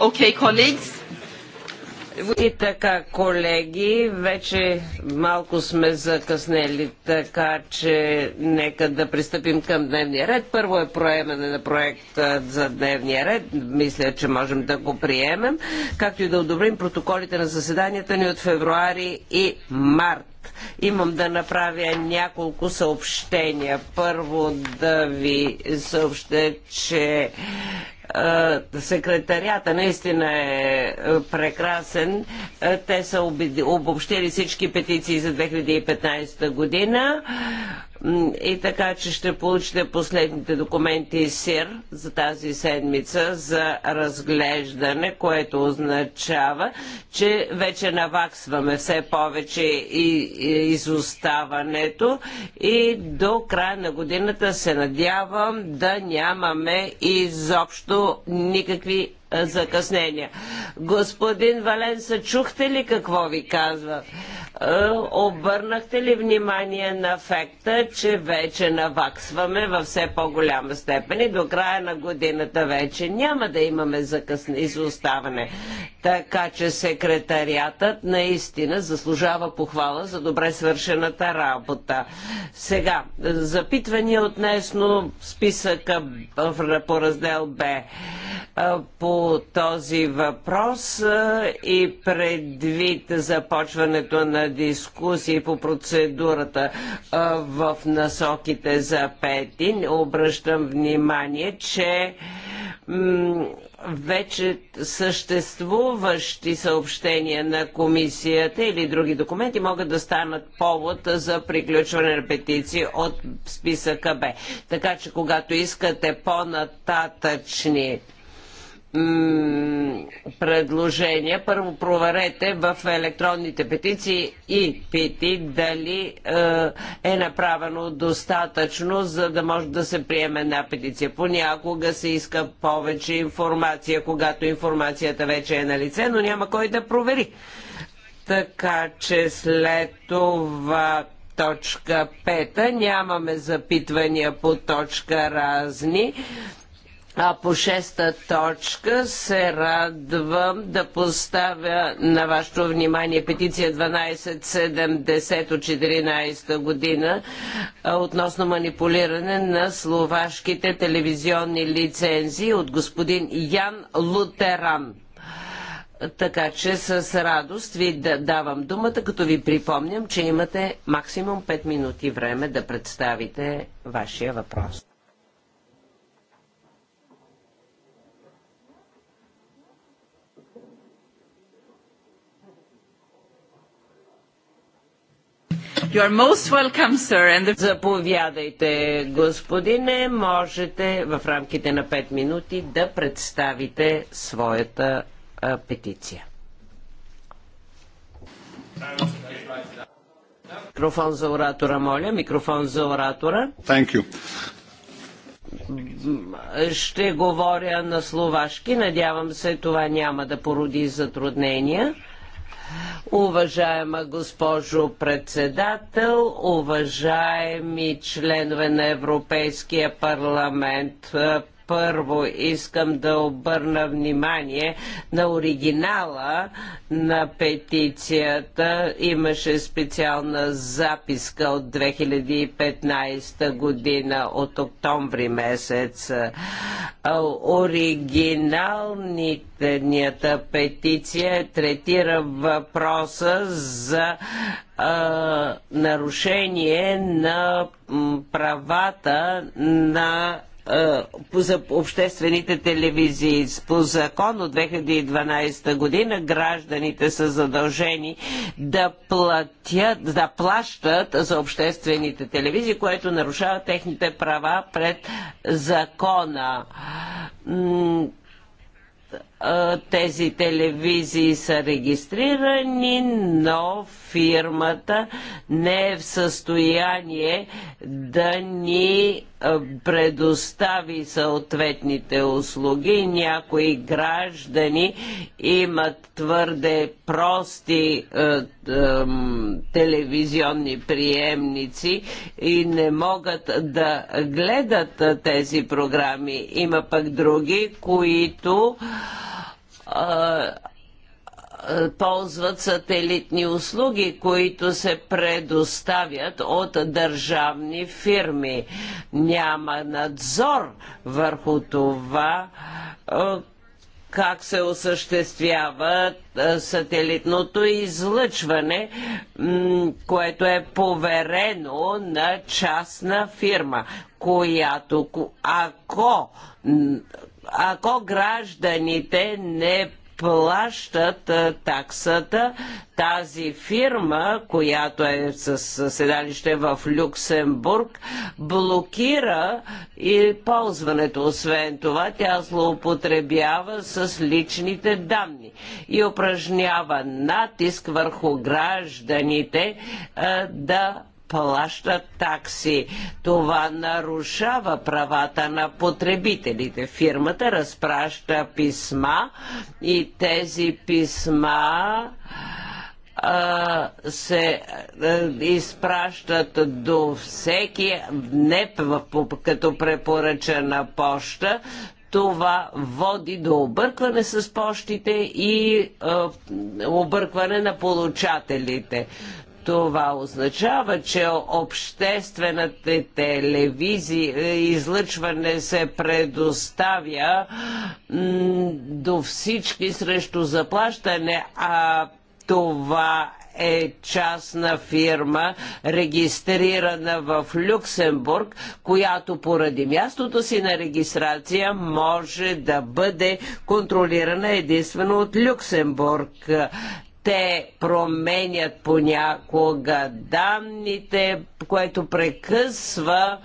Okay, colleagues. И така, колеги, вече малко сме закъснели, така че нека да пристъпим към дневния ред. Първо е проемане на проекта за дневния ред. Мисля, че можем да го приемем, както и да одобрим протоколите на заседанията ни от февруари и март имам да направя няколко съобщения. Първо да ви съобща, че секретарията наистина е, е прекрасен. Те са обобщили всички петиции за 2015 година. И така, че ще получите последните документи СИР за тази седмица за разглеждане, което означава, че вече наваксваме все повече и, изоставането и до края на годината се надявам да нямаме изобщо никакви закъснения. Господин Валенса, чухте ли какво ви казва? Е, обърнахте ли внимание на факта, че вече наваксваме във все по-голяма степен и до края на годината вече няма да имаме и изоставане? Така че секретариатът наистина заслужава похвала за добре свършената работа. Сега, запитвания отнесно списъка по раздел Б. Е, по този въпрос е, и предвид започването на дискусии по процедурата в насоките за Петин, обръщам внимание, че вече съществуващи съобщения на комисията или други документи могат да станат повод за приключване на петиции от списъка Б. Така че когато искате по-нататъчни предложения. Първо проверете в електронните петиции и пити дали е, е направено достатъчно, за да може да се приеме една петиция. Понякога се иска повече информация, когато информацията вече е на лице, но няма кой да провери. Така че след това точка 5 нямаме запитвания по точка разни. А по шеста точка се радвам да поставя на вашето внимание петиция 1270 от 14 година относно манипулиране на словашките телевизионни лицензии от господин Ян Лутеран. Така че с радост ви давам думата, като ви припомням, че имате максимум 5 минути време да представите вашия въпрос. You are most welcome, sir. And the... Заповядайте, господине. Можете в рамките на 5 минути да представите своята а, петиция. Микрофон за оратора, моля. Микрофон за оратора. Thank you. Ще говоря на словашки. Надявам се, това няма да породи затруднения. Уважаема госпожо председател, уважаеми членове на Европейския парламент, първо искам да обърна внимание на оригинала на петицията. Имаше специална записка от 2015 година, от октомври месец. Оригиналната петиция третира въпроса за нарушение на правата на е, за обществените телевизии. По закон от 2012 година гражданите са задължени да платят, да плащат за обществените телевизии, което нарушава техните права пред закона тези телевизии са регистрирани, но фирмата не е в състояние да ни предостави съответните услуги. Някои граждани имат твърде прости е, е, телевизионни приемници и не могат да гледат тези програми. Има пък други, които е, ползват сателитни услуги, които се предоставят от държавни фирми. Няма надзор върху това как се осъществява сателитното излъчване, което е поверено на частна фирма, която ако ако гражданите не плащат таксата, тази фирма, която е с седалище в Люксембург, блокира и ползването. Освен това, тя злоупотребява с личните данни и упражнява натиск върху гражданите да плащат такси. Това нарушава правата на потребителите. Фирмата разпраща писма и тези писма се изпращат до всеки не като препоръчена поща. Това води до объркване с пощите и объркване на получателите. Това означава, че обществената телевизия е, излъчване се предоставя до всички срещу заплащане, а това е частна фирма, регистрирана в Люксембург, която поради мястото си на регистрация може да бъде контролирана единствено от Люксембург те променят понякога данните, което прекъсва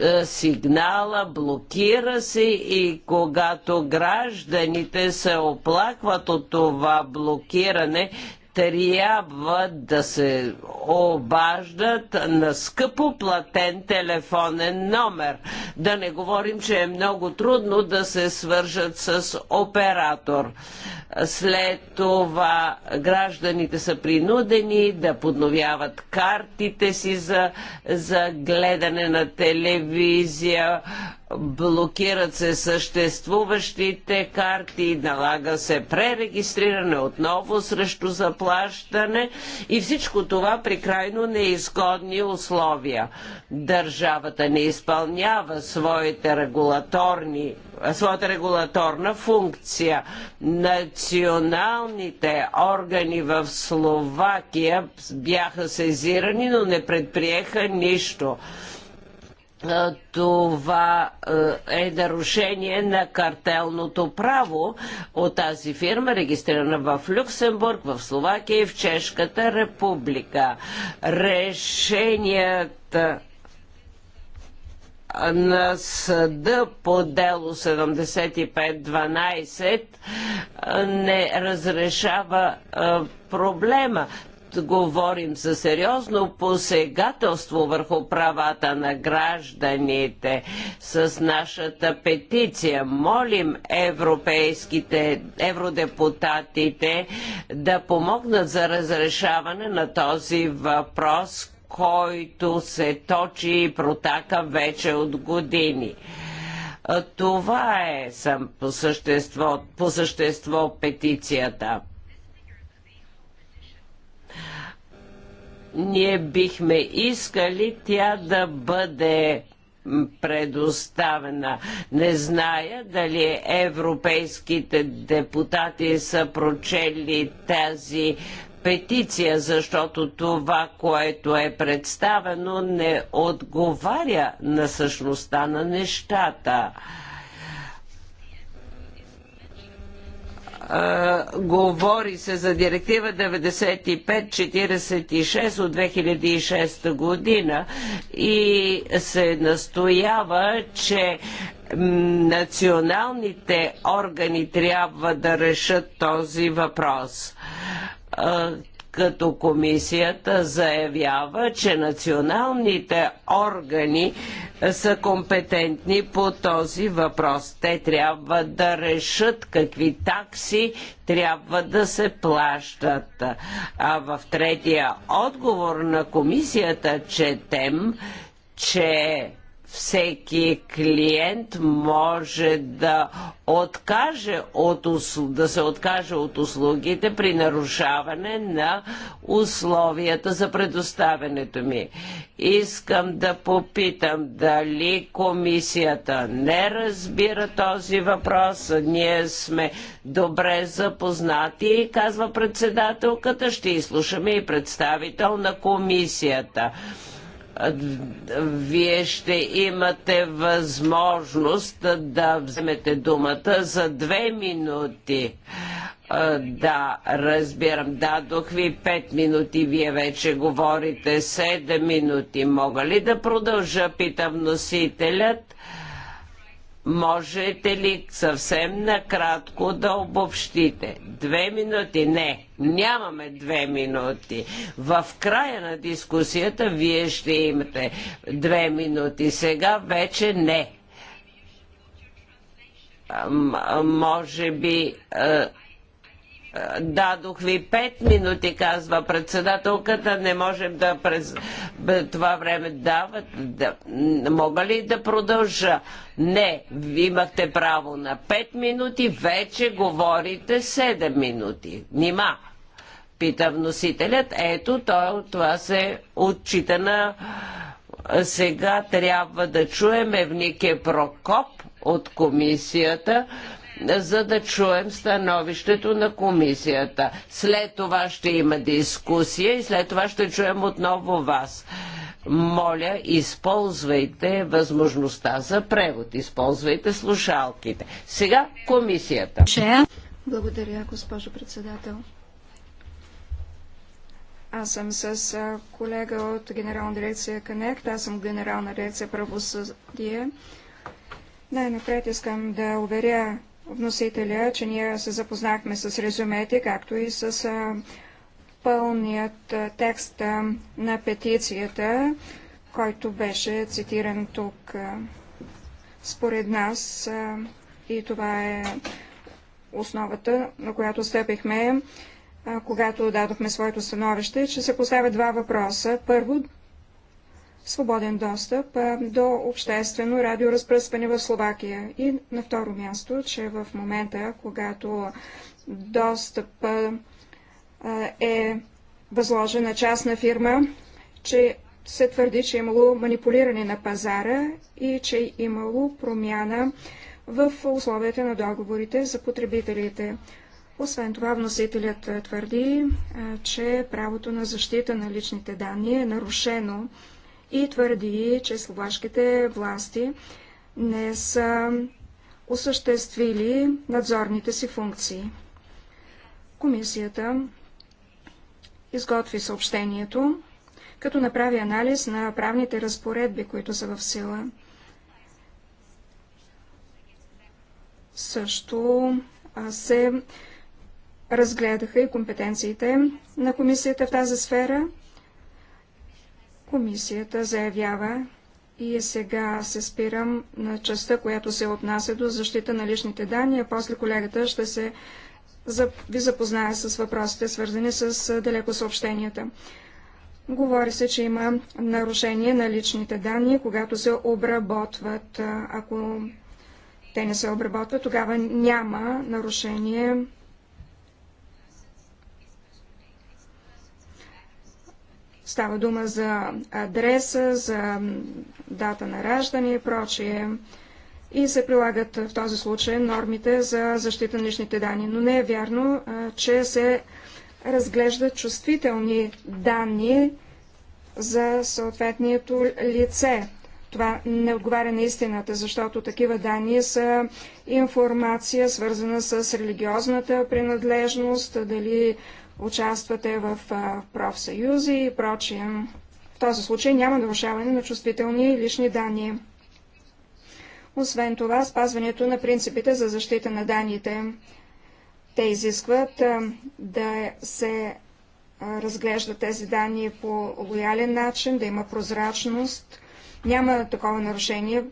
е, сигнала, блокира се и когато гражданите се оплакват от това блокиране, трябва да се обаждат на скъпо платен телефонен номер. Да не говорим, че е много трудно да се свържат с оператор. След това гражданите са принудени да подновяват картите си за, за гледане на телевизия, блокират се съществуващите карти, налага се пререгистриране отново срещу заплащане заплащане и всичко това при крайно неизгодни условия. Държавата не изпълнява своите регулаторни своята регулаторна функция. Националните органи в Словакия бяха сезирани, но не предприеха нищо това е нарушение на картелното право от тази фирма, регистрирана в Люксембург, в Словакия и в Чешката република. Решенията на съда по дело 7512 не разрешава проблема говорим за сериозно посегателство върху правата на гражданите с нашата петиция. Молим европейските евродепутатите да помогнат за разрешаване на този въпрос, който се точи и протака вече от години. Това е съм по същество, по същество петицията. ние бихме искали тя да бъде предоставена. Не зная дали европейските депутати са прочели тази петиция, защото това, което е представено, не отговаря на същността на нещата. говори се за директива 9546 от 2006 година и се настоява, че националните органи трябва да решат този въпрос като комисията заявява, че националните органи са компетентни по този въпрос. Те трябва да решат какви такси трябва да се плащат. А в третия отговор на комисията четем, че всеки клиент може да откаже от услу... да се откаже от услугите при нарушаване на условията за предоставянето ми. Искам да попитам дали комисията не разбира този въпрос. Ние сме добре запознати казва председателката, ще изслушаме и представител на комисията вие ще имате възможност да вземете думата за две минути. Да, разбирам. Дадох ви пет минути, вие вече говорите 7 минути. Мога ли да продължа, питам носителят? Можете ли съвсем накратко да обобщите? Две минути? Не, нямаме две минути. В края на дискусията вие ще имате две минути. Сега вече не. М може би Дадох ви пет минути, казва председателката. Не можем да през това време дават. Да, мога ли да продължа? Не, имахте право на пет минути, вече говорите седем минути. Нима пита вносителят. Ето, той, това се отчита на... Сега трябва да чуем Евнике Прокоп от комисията за да чуем становището на комисията. След това ще има дискусия и след това ще чуем отново вас. Моля, използвайте възможността за превод, използвайте слушалките. Сега комисията. Благодаря, госпожо председател. Аз съм с колега от Генерална дирекция Канект, аз съм Генерална дирекция Правосъдие. Най-напред искам да уверя вносителя, че ние се запознахме с резюмете, както и с пълният текст на петицията, който беше цитиран тук. Според нас и това е основата, на която стъпихме, когато дадохме своето становище, че се поставят два въпроса. Първо, свободен достъп до обществено радиоразпръскване в Словакия. И на второ място, че в момента, когато достъп е възложен на частна фирма, че се твърди, че е имало манипулиране на пазара и че е имало промяна в условията на договорите за потребителите. Освен това, вносителят твърди, че правото на защита на личните данни е нарушено и твърди, че словашките власти не са осъществили надзорните си функции. Комисията изготви съобщението, като направи анализ на правните разпоредби, които са в сила. Също се разгледаха и компетенциите на комисията в тази сфера. Комисията заявява, и сега се спирам на частта, която се отнася до защита на личните данни, а после колегата ще се ви запознае с въпросите, свързани с далеко съобщенията. Говори се, че има нарушение на личните данни, когато се обработват. Ако те не се обработват, тогава няма нарушение Става дума за адреса, за дата на раждане и прочие. И се прилагат в този случай нормите за защита на личните данни. Но не е вярно, че се разглеждат чувствителни данни за съответното лице. Това не отговаря на истината, защото такива данни са информация, свързана с религиозната принадлежност, дали участвате в профсъюзи и прочие. В този случай няма нарушаване на чувствителни лични данни. Освен това, спазването на принципите за защита на данните. Те изискват да се разглежда тези данни по лоялен начин, да има прозрачност. Няма такова нарушение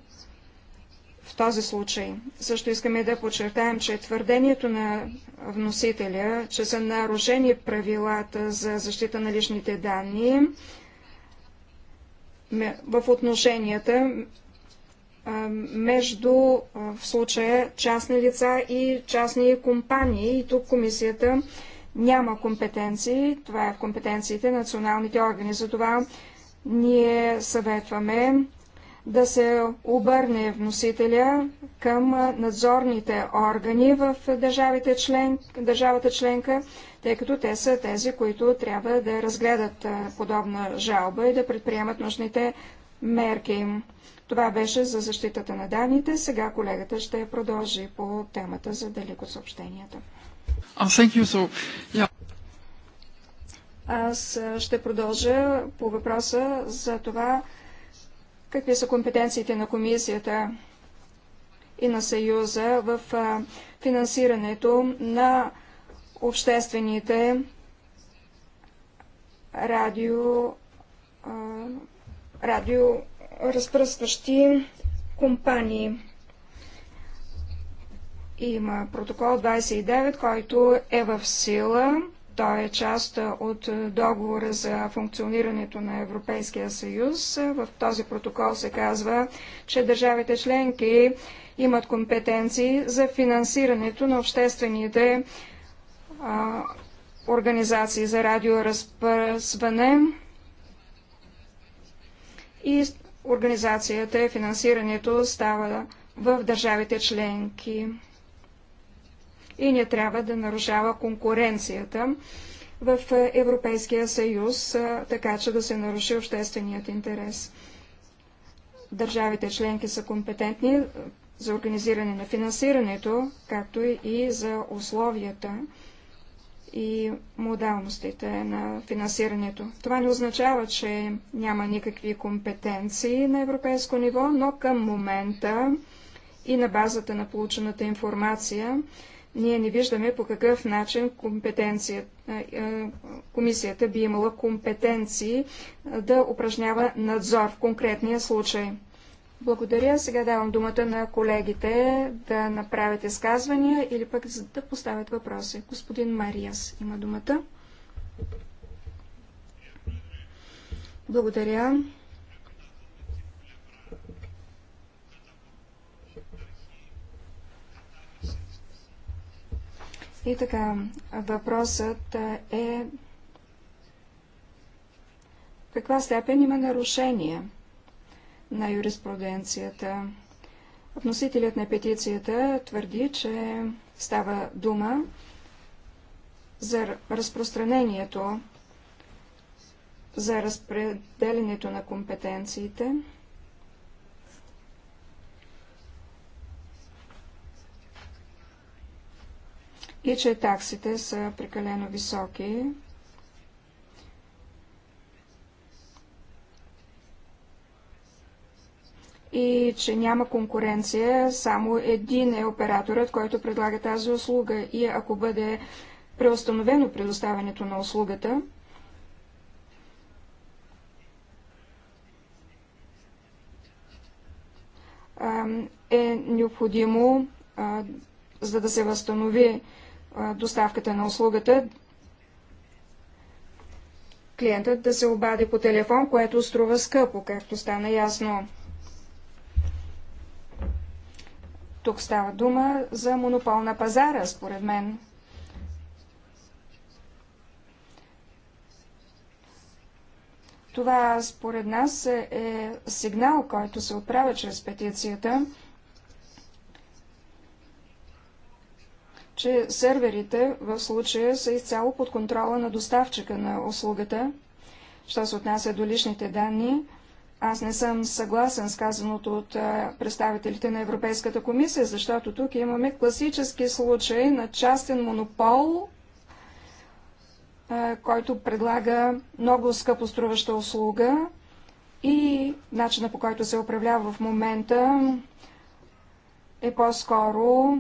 този случай. Също искаме да подчертаем, че твърдението на вносителя, че са нарушени правилата за защита на личните данни в отношенията между в случая частни лица и частни компании. И тук комисията няма компетенции. Това е в компетенциите на националните органи. Затова ние съветваме да се обърне вносителя към надзорните органи в държавите член, държавата членка, тъй като те са тези, които трябва да разгледат подобна жалба и да предприемат нужните мерки. Това беше за защитата на данните. Сега колегата ще продължи по темата за далекосъобщенията. съобщенията. Oh, Аз ще продължа по въпроса за това, какви са компетенциите на комисията и на Съюза в финансирането на обществените радио, радио разпръстващи компании. Има протокол 29, който е в сила той е част от договора за функционирането на Европейския съюз. В този протокол се казва, че държавите членки имат компетенции за финансирането на обществените а, организации за радиоразпръсване и организацията и финансирането става в държавите членки и не трябва да нарушава конкуренцията в Европейския съюз, така че да се наруши общественият интерес. Държавите членки са компетентни за организиране на финансирането, както и за условията и модалностите на финансирането. Това не означава, че няма никакви компетенции на европейско ниво, но към момента и на базата на получената информация ние не виждаме по какъв начин е, е, комисията би имала компетенции е, да упражнява надзор в конкретния случай. Благодаря. Сега давам думата на колегите да направят изказвания или пък да поставят въпроси. Господин Мариас има думата. Благодаря. И така, въпросът е каква степен има нарушение на юриспруденцията. Вносителят на петицията твърди, че става дума за разпространението, за разпределенето на компетенциите, и че таксите са прекалено високи. и че няма конкуренция, само един е операторът, който предлага тази услуга. И ако бъде преустановено предоставянето на услугата, е необходимо, за да се възстанови доставката на услугата, клиентът да се обади по телефон, което струва скъпо, както стана ясно. Тук става дума за монопол на пазара, според мен. Това, според нас, е сигнал, който се отправя чрез петицията – че серверите в случая са изцяло под контрола на доставчика на услугата. Що се отнася до личните данни, аз не съм съгласен с казаното от представителите на Европейската комисия, защото тук имаме класически случай на частен монопол, който предлага много скъпоструваща услуга и начина по който се управлява в момента е по-скоро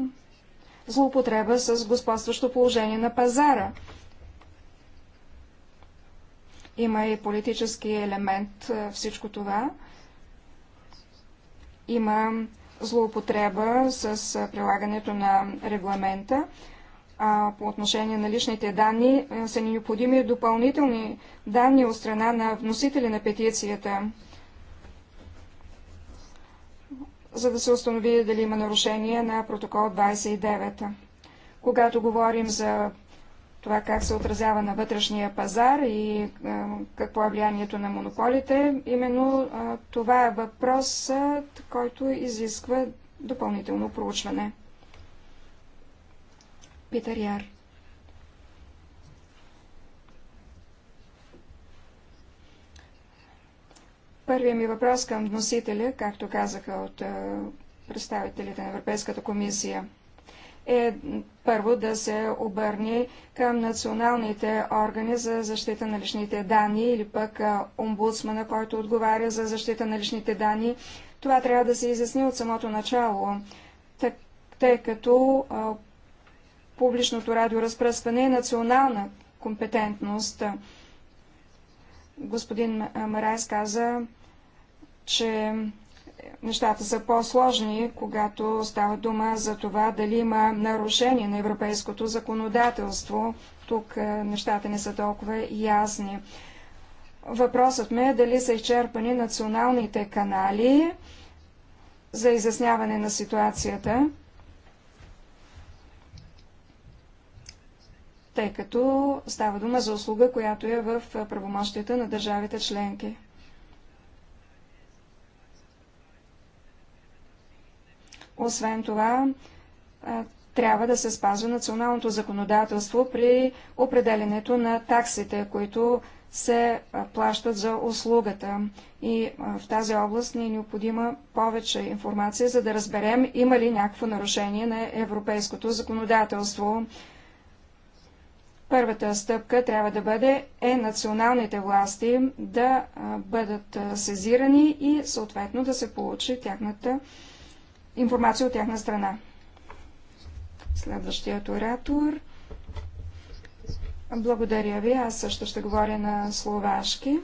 злоупотреба с господстващо положение на пазара. Има и политически елемент е, всичко това. Има злоупотреба с е, прилагането на регламента. А по отношение на личните данни е, са ни необходими допълнителни данни от страна на вносители на петицията за да се установи дали има нарушение на протокол 29. Когато говорим за това как се отразява на вътрешния пазар и е, какво е влиянието на монополите, именно е, това е въпросът, който изисква допълнително проучване. Питър Яр. Първият ми въпрос към вносителя, както казаха от представителите на Европейската комисия, е първо да се обърне към националните органи за защита на личните данни или пък омбудсмана, който отговаря за защита на личните данни. Това трябва да се изясни от самото начало, тъй като публичното радиоразпръскване е национална компетентност. Господин Марайс каза, че нещата са по-сложни, когато става дума за това дали има нарушение на европейското законодателство. Тук е, нещата не са толкова ясни. Въпросът ми е дали са изчерпани националните канали за изясняване на ситуацията, тъй като става дума за услуга, която е в правомощията на държавите членки. Освен това, трябва да се спазва националното законодателство при определенето на таксите, които се плащат за услугата. И в тази област ни е необходима повече информация, за да разберем има ли някакво нарушение на европейското законодателство. Първата стъпка трябва да бъде е националните власти да бъдат сезирани и съответно да се получи тяхната информация от тяхна страна. Следващият оратор. Благодаря ви. Аз също ще говоря на словашки.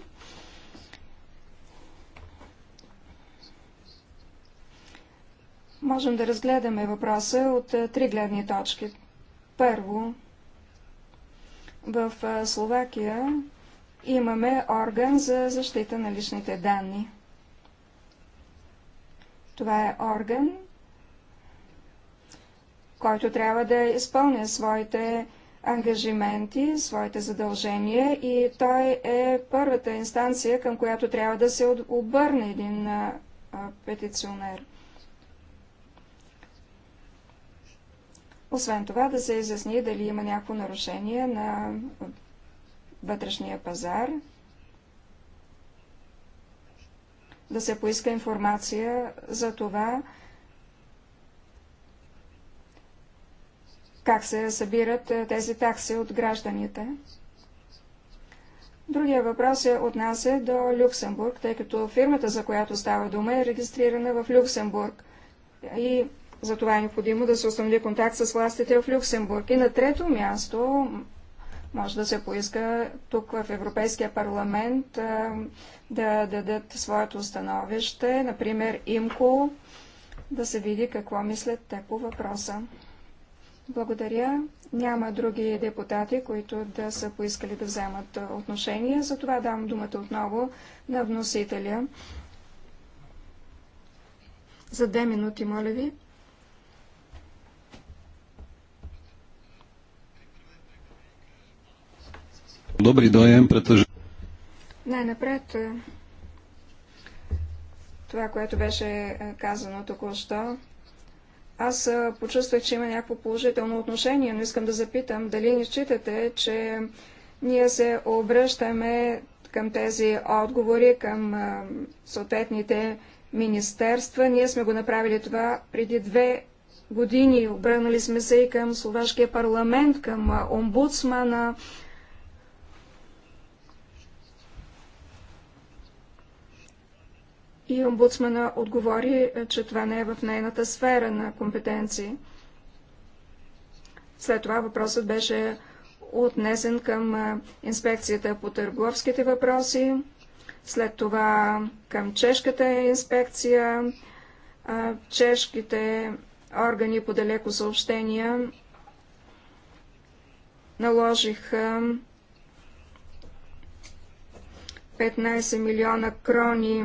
Можем да разгледаме въпроса от три гледни точки. Първо, в Словакия имаме орган за защита на личните данни. Това е орган, който трябва да изпълня своите ангажименти, своите задължения и той е първата инстанция, към която трябва да се обърне един а, петиционер. Освен това да се изясни дали има някакво нарушение на вътрешния пазар, да се поиска информация за това, как се събират е, тези такси от гражданите. Другия въпрос е отнася до Люксембург, тъй като фирмата, за която става дума, е регистрирана в Люксембург. И за това е необходимо да се установи контакт с властите в Люксембург. И на трето място може да се поиска тук в Европейския парламент да дадат своето становище, например ИМКО, да се види какво мислят те по въпроса. Благодаря. Няма други депутати, които да са поискали да вземат отношение. Затова дам думата отново на вносителя. За две минути, моля ви. Добрый дойм, претъж... Най-напред, е, това, което беше е, казано току-що, аз е, почувствах, че има някакво положително отношение, но искам да запитам дали не считате, че ние се обръщаме към тези отговори, към съответните министерства. Ние сме го направили това преди две години. Обърнали сме се и към Словашкия парламент, към омбудсмана, и омбудсмана отговори, е, че това не е в нейната сфера на компетенции. След това въпросът беше отнесен към е, инспекцията по търговските въпроси, след това към чешката инспекция, е, чешките органи по далеко съобщения наложиха 15 милиона крони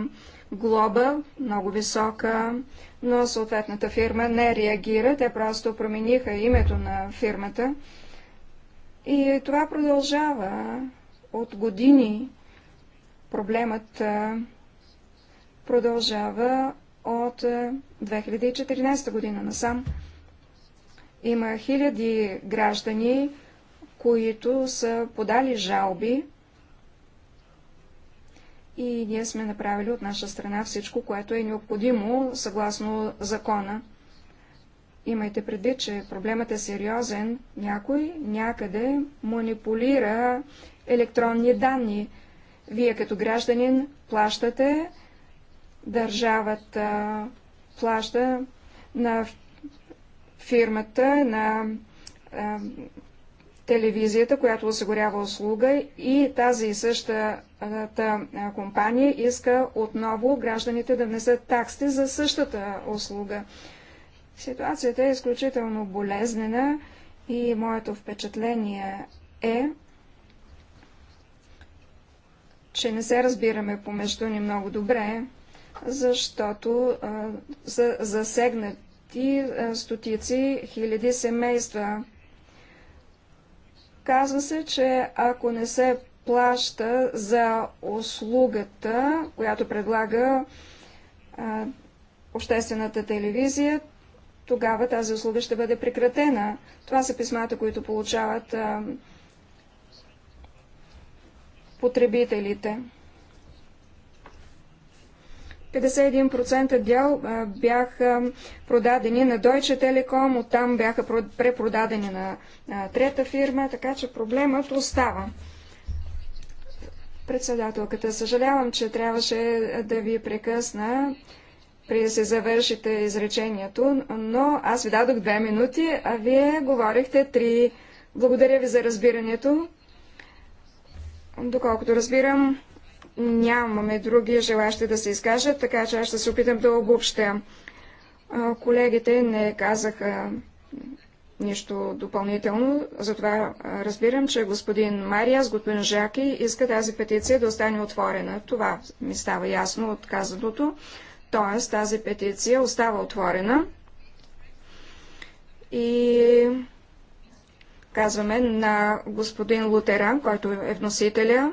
глоба, много висока, но съответната фирма не реагира, те просто промениха името на фирмата. И това продължава от години. Проблемът продължава от 2014 година насам. Има хиляди граждани, които са подали жалби и ние сме направили от наша страна всичко, което е необходимо съгласно закона. Имайте предвид, че проблемът е сериозен. Някой някъде манипулира електронни данни. Вие като гражданин плащате, държавата плаща на фирмата, на телевизията, която осигурява услуга и тази и същата компания иска отново гражданите да внесат такси за същата услуга. Ситуацията е изключително болезнена и моето впечатление е, че не се разбираме помежду ни много добре, защото а, за, засегнати а, стотици хиляди семейства Казва се, че ако не се плаща за услугата, която предлага а, обществената телевизия, тогава тази услуга ще бъде прекратена. Това са писмата, които получават а, потребителите. 51% дял бяха продадени на Deutsche Telekom, оттам бяха препродадени на трета фирма, така че проблемът остава. Председателката, съжалявам, че трябваше да ви прекъсна преди да се завършите изречението, но аз ви дадох две минути, а вие говорихте три. Благодаря ви за разбирането. Доколкото разбирам, нямаме други желащи да се изкажат, така че аз ще се опитам да обобщя. Колегите не казаха нищо допълнително, затова разбирам, че господин Мариас, господин Жаки иска тази петиция да остане отворена. Това ми става ясно от казаното. Тоест тази петиция остава отворена и казваме на господин Лутеран, който е вносителя,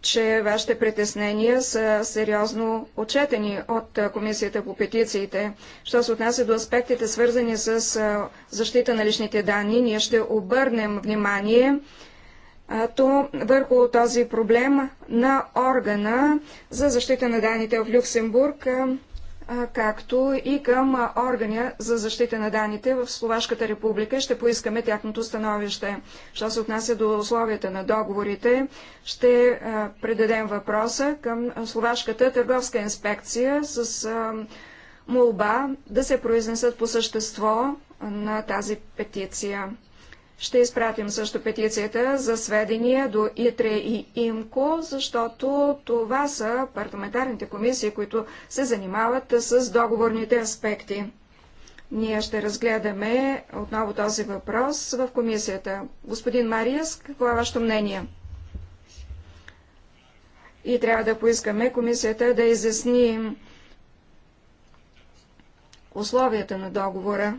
че вашите притеснения са сериозно отчетени от Комисията по петициите. Що се отнася до аспектите, свързани с защита на личните данни, ние ще обърнем внимание то върху този проблем на органа за защита на данните в Люксембург както и към Органя за защита на данните в Словашката република. Ще поискаме тяхното становище. Що се отнася до условията на договорите, ще предадем въпроса към Словашката търговска инспекция с молба да се произнесат по същество на тази петиция. Ще изпратим също петицията за сведения до ИТРЕ и ИМКО, защото това са парламентарните комисии, които се занимават с договорните аспекти. Ние ще разгледаме отново този въпрос в комисията. Господин Мариас, какво е вашето мнение? И трябва да поискаме комисията да изясни условията на договора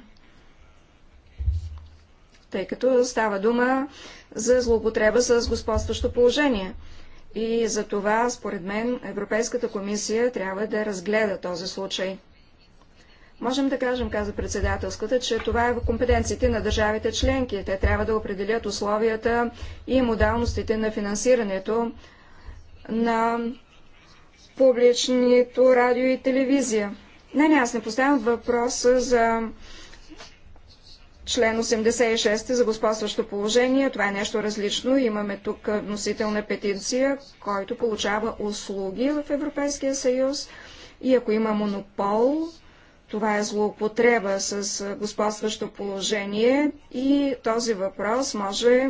тъй като става дума за злоупотреба с господстващо положение. И за това, според мен, Европейската комисия трябва да разгледа този случай. Можем да кажем, каза председателската, че това е в компетенциите на държавите членки. Те трябва да определят условията и модалностите на финансирането на публичното радио и телевизия. Не, не, аз не поставям въпрос за член 86 е за господстващо положение. Това е нещо различно. Имаме тук носител на петиция, който получава услуги в Европейския съюз. И ако има монопол, това е злоупотреба с господстващо положение и този въпрос може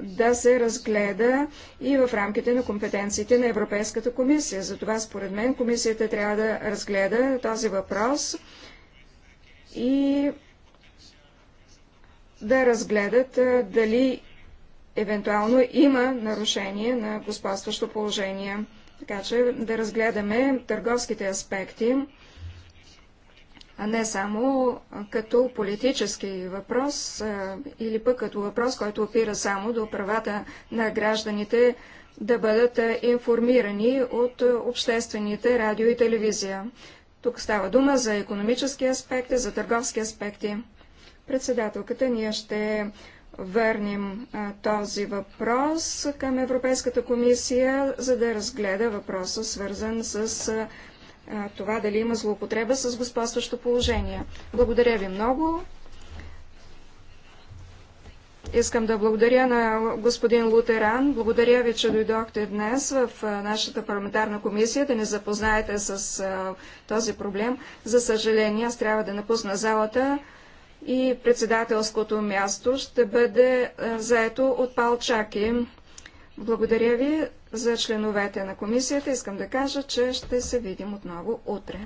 да се разгледа и в рамките на компетенциите на Европейската комисия. Затова, според мен, комисията трябва да разгледа този въпрос и да разгледат дали евентуално има нарушение на господстващо положение. Така че да разгледаме търговските аспекти, а не само като политически въпрос или пък като въпрос, който опира само до правата на гражданите да бъдат информирани от обществените радио и телевизия. Тук става дума за економически аспекти, за търговски аспекти. Председателката, ние ще върнем а, този въпрос към Европейската комисия, за да разгледа въпроса, свързан с а, това дали има злоупотреба с господстващо положение. Благодаря ви много. Искам да благодаря на господин Лутеран. Благодаря ви, че дойдохте днес в нашата парламентарна комисия да не запознаете с този проблем. За съжаление, аз трябва да напусна залата и председателското място ще бъде заето от Пал Чаки. Благодаря ви за членовете на комисията. Искам да кажа, че ще се видим отново утре.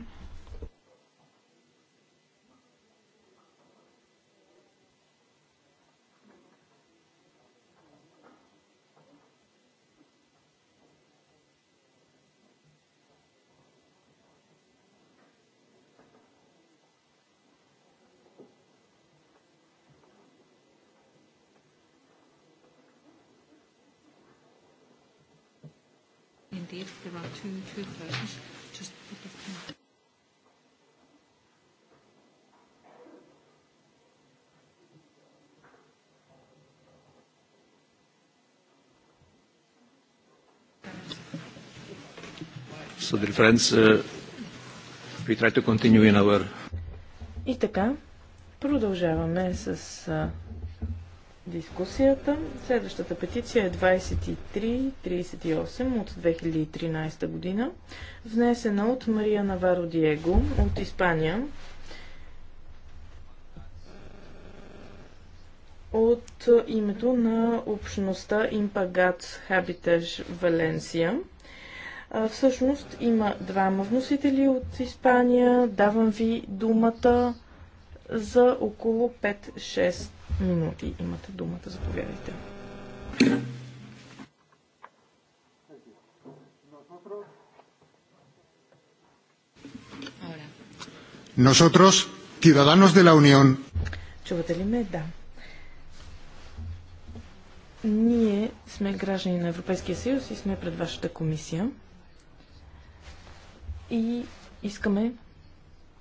there are two, two persons. Just put the So, dear friends, uh, we try to continue in our... И така, продължаваме с дискусията. Следващата петиция е 2338 от 2013 година, внесена от Мария Наваро Диего от Испания. от името на общността Impagats Habitage Valencia. Всъщност има двама вносители от Испания. Давам ви думата за около 5-6 минути. Имате думата, заповядайте. Nosotros, ciudadanos de la Unión. Чувате ли ме? Да. Ние сме граждани на Европейския съюз и сме пред вашата комисия. И искаме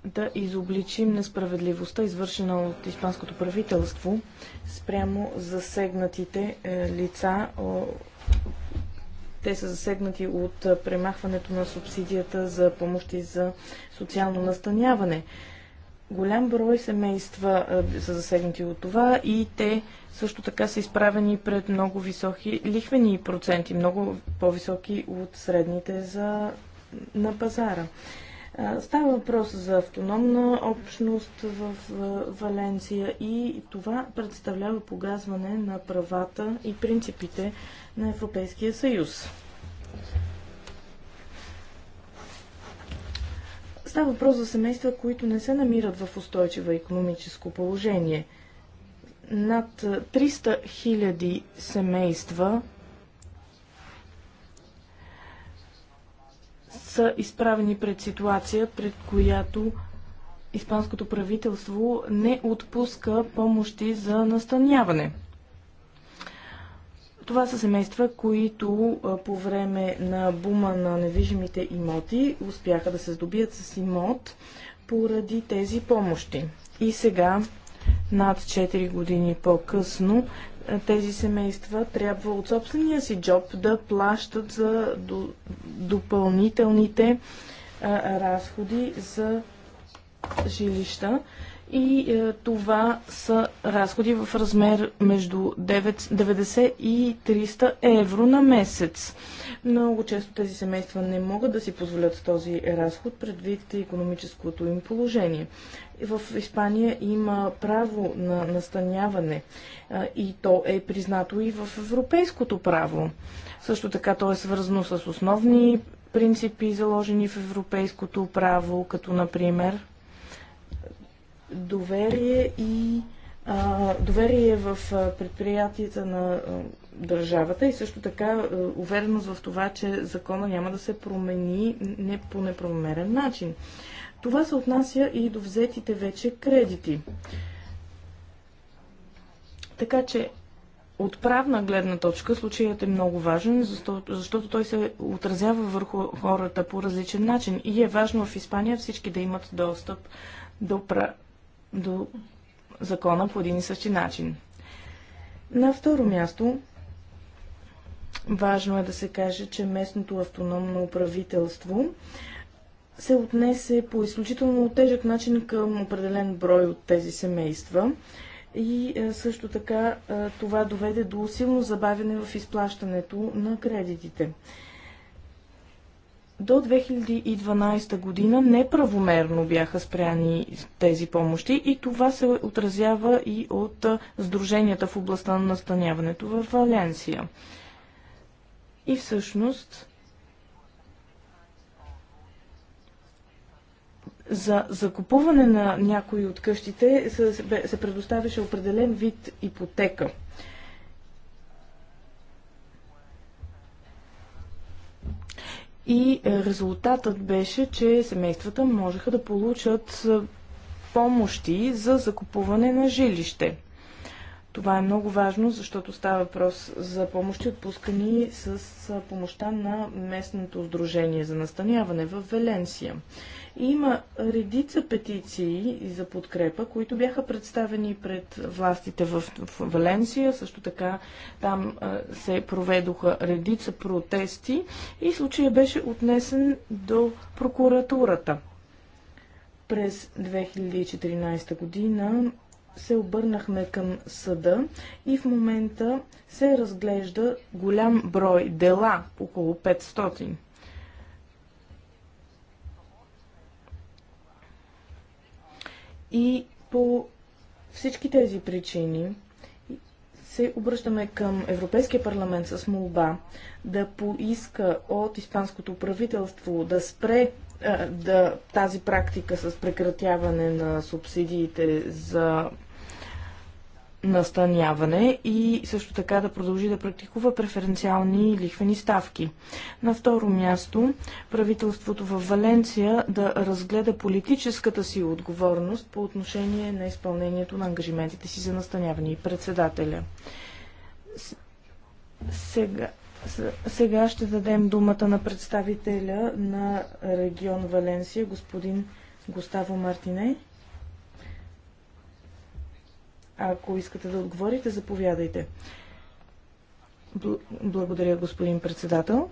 да изобличим несправедливостта, извършена от испанското правителство спрямо засегнатите е, лица. Те са засегнати от е, премахването на субсидията за помощи за социално настаняване. Голям брой семейства е, са засегнати от това и те също така са изправени пред много високи лихвени проценти, много по-високи от средните за, на пазара. Става въпрос за автономна общност в Валенсия и това представлява погазване на правата и принципите на Европейския съюз. Става въпрос за семейства, които не се намират в устойчиво економическо положение. Над 300 000 семейства са изправени пред ситуация, пред която испанското правителство не отпуска помощи за настаняване. Това са семейства, които по време на бума на недвижимите имоти успяха да се здобият с имот поради тези помощи. И сега, над 4 години по-късно, тези семейства трябва от собствения си джоб да плащат за допълнителните разходи за жилища и е, това са разходи в размер между 9, 90 и 300 евро на месец. Много често тези семейства не могат да си позволят този разход предвид економическото им положение. В Испания има право на настаняване е, и то е признато и в европейското право. Също така то е свързано с основни принципи, заложени в европейското право, като например доверие и а, доверие в предприятията на държавата и също така увереност в това, че закона няма да се промени не по неправомерен начин. Това се отнася и до взетите вече кредити. Така че от правна гледна точка случаят е много важен, защото, защото той се отразява върху хората по различен начин и е важно в Испания всички да имат достъп до, до закона по един и същи начин. На второ място, важно е да се каже, че местното автономно управителство се отнесе по изключително тежък начин към определен брой от тези семейства. И е, също така е, това доведе до силно забавяне в изплащането на кредитите. До 2012 година неправомерно бяха спряни тези помощи и това се отразява и от сдруженията в областта на настаняването в Валенсия. И всъщност за закупуване на някои от къщите се предоставяше определен вид ипотека – И е, резултатът беше, че семействата можеха да получат е, помощи за закупуване на жилище. Това е много важно, защото става въпрос за помощи отпускани с помощта на местното сдружение за настаняване в Веленсия. И има редица петиции за подкрепа, които бяха представени пред властите в, Валенсия. Също така там се проведоха редица протести и случая беше отнесен до прокуратурата. През 2014 година се обърнахме към съда и в момента се разглежда голям брой дела, около 500. И по всички тези причини се обръщаме към Европейския парламент с молба да поиска от Испанското правителство да спре е, да, тази практика с прекратяване на субсидиите за настаняване и също така да продължи да практикува преференциални лихвени ставки. На второ място, правителството в Валенция да разгледа политическата си отговорност по отношение на изпълнението на ангажиментите си за настаняване и председателя. Сега сега ще дадем думата на представителя на регион Валенсия, господин Густаво Мартиней. Ако искате да отговорите, заповядайте. Благодаря, господин председател.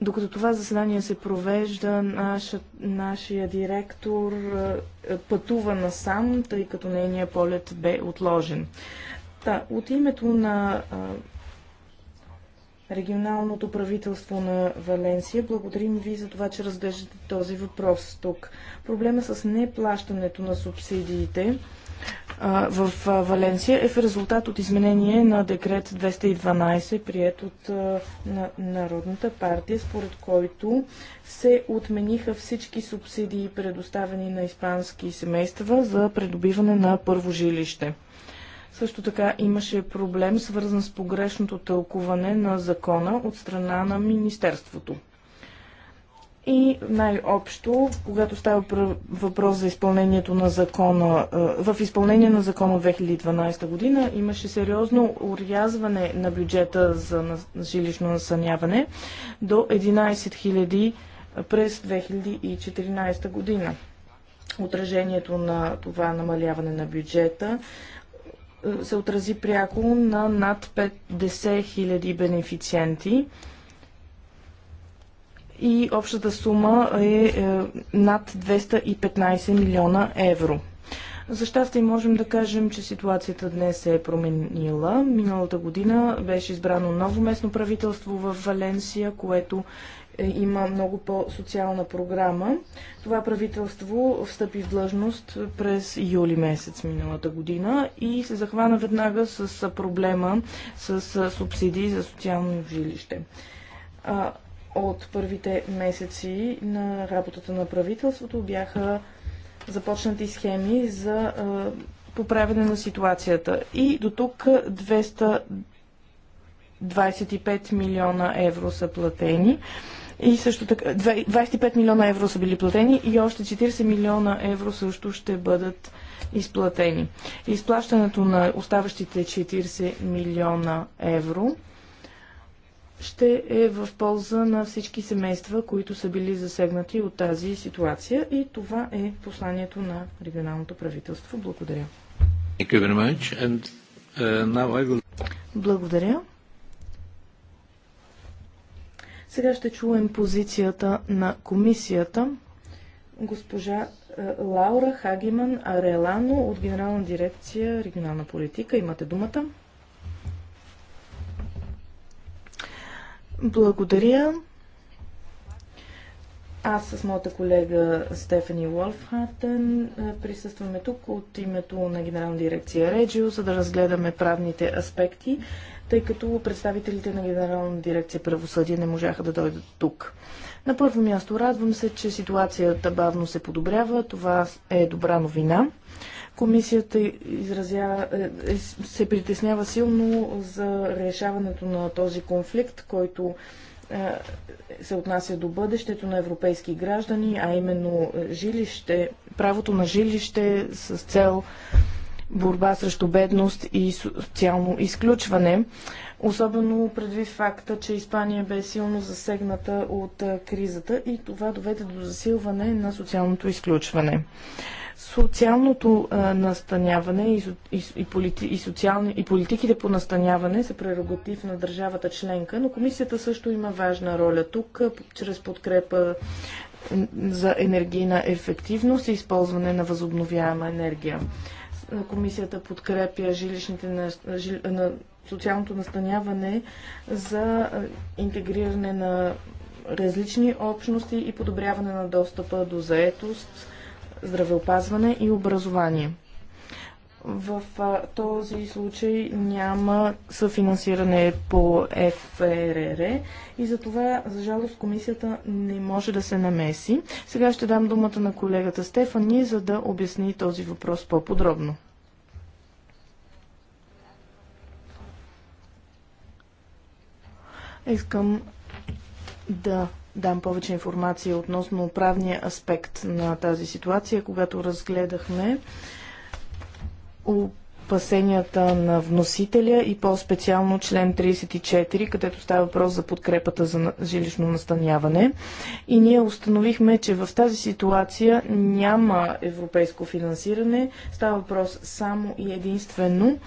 Докато това заседание се провежда, наша, нашия директор е, пътува насам, тъй като нейният полет бе отложен. Да, от името на а, регионалното правителство на Валенсия. Благодарим ви за това, че разглеждате този въпрос тук. Проблема с неплащането на субсидиите а, в а, Валенсия е в резултат от изменение на декрет 212, прият от а, на, Народната партия, според който се отмениха всички субсидии, предоставени на испански семейства за придобиване на първо жилище. Също така имаше проблем, свързан с погрешното тълкуване на закона от страна на Министерството. И най-общо, когато става въпрос за изпълнението на закона, е, в изпълнение на закона от 2012 година имаше сериозно урязване на бюджета за жилищно насъняване до 11 000 е, през 2014 година. Отражението на това намаляване на бюджета е, се отрази пряко на над 50 000 бенефициенти и общата сума е, е над 215 милиона евро. За щастие можем да кажем, че ситуацията днес се е променила. Миналата година беше избрано ново местно правителство в Валенсия, което е, има много по-социална програма. Това правителство встъпи в длъжност през юли месец миналата година и се захвана веднага с проблема с субсидии за социално жилище от първите месеци на работата на правителството бяха започнати схеми за поправяне на ситуацията. И до тук 225 милиона евро са платени. И също така 25 милиона евро са били платени и още 40 милиона евро също ще бъдат изплатени. Изплащането на оставащите 40 милиона евро ще е в полза на всички семейства, които са били засегнати от тази ситуация. И това е посланието на регионалното правителство. Благодаря. Uh, Благодаря. Сега ще чуем позицията на комисията. Госпожа е, Лаура Хагиман Арелано от Генерална дирекция регионална политика. Имате думата. Благодаря. Аз с моята колега Стефани Уолфхартен присъстваме тук от името на Генерална дирекция Реджио, за да разгледаме правните аспекти, тъй като представителите на Генерална дирекция правосъдие не можаха да дойдат тук. На първо място радвам се, че ситуацията бавно се подобрява. Това е добра новина. Комисията изразява, е, е, се притеснява силно за решаването на този конфликт, който е, се отнася до бъдещето на европейски граждани, а именно е, жилище, правото на жилище с цел борба срещу бедност и социално изключване. Особено предвид факта, че Испания бе силно засегната от е, кризата и това доведе до засилване на социалното изключване. Социалното а, настаняване и, и, и, полити, и, социални, и политиките по настаняване са прерогатив на държавата членка, но комисията също има важна роля тук, чрез подкрепа за енергийна ефективност и използване на възобновяема енергия. Комисията подкрепя жилищните на, жил, на социалното настаняване за интегриране на различни общности и подобряване на достъпа до заетост здравеопазване и образование. В този случай няма съфинансиране по ФРР и за това, за жалост, комисията не може да се намеси. Сега ще дам думата на колегата Стефани, за да обясни този въпрос по-подробно. Искам да дам повече информация относно правния аспект на тази ситуация, когато разгледахме опасенията на вносителя и по-специално член 34, където става въпрос за подкрепата за жилищно настаняване. И ние установихме, че в тази ситуация няма европейско финансиране, става въпрос само и единствено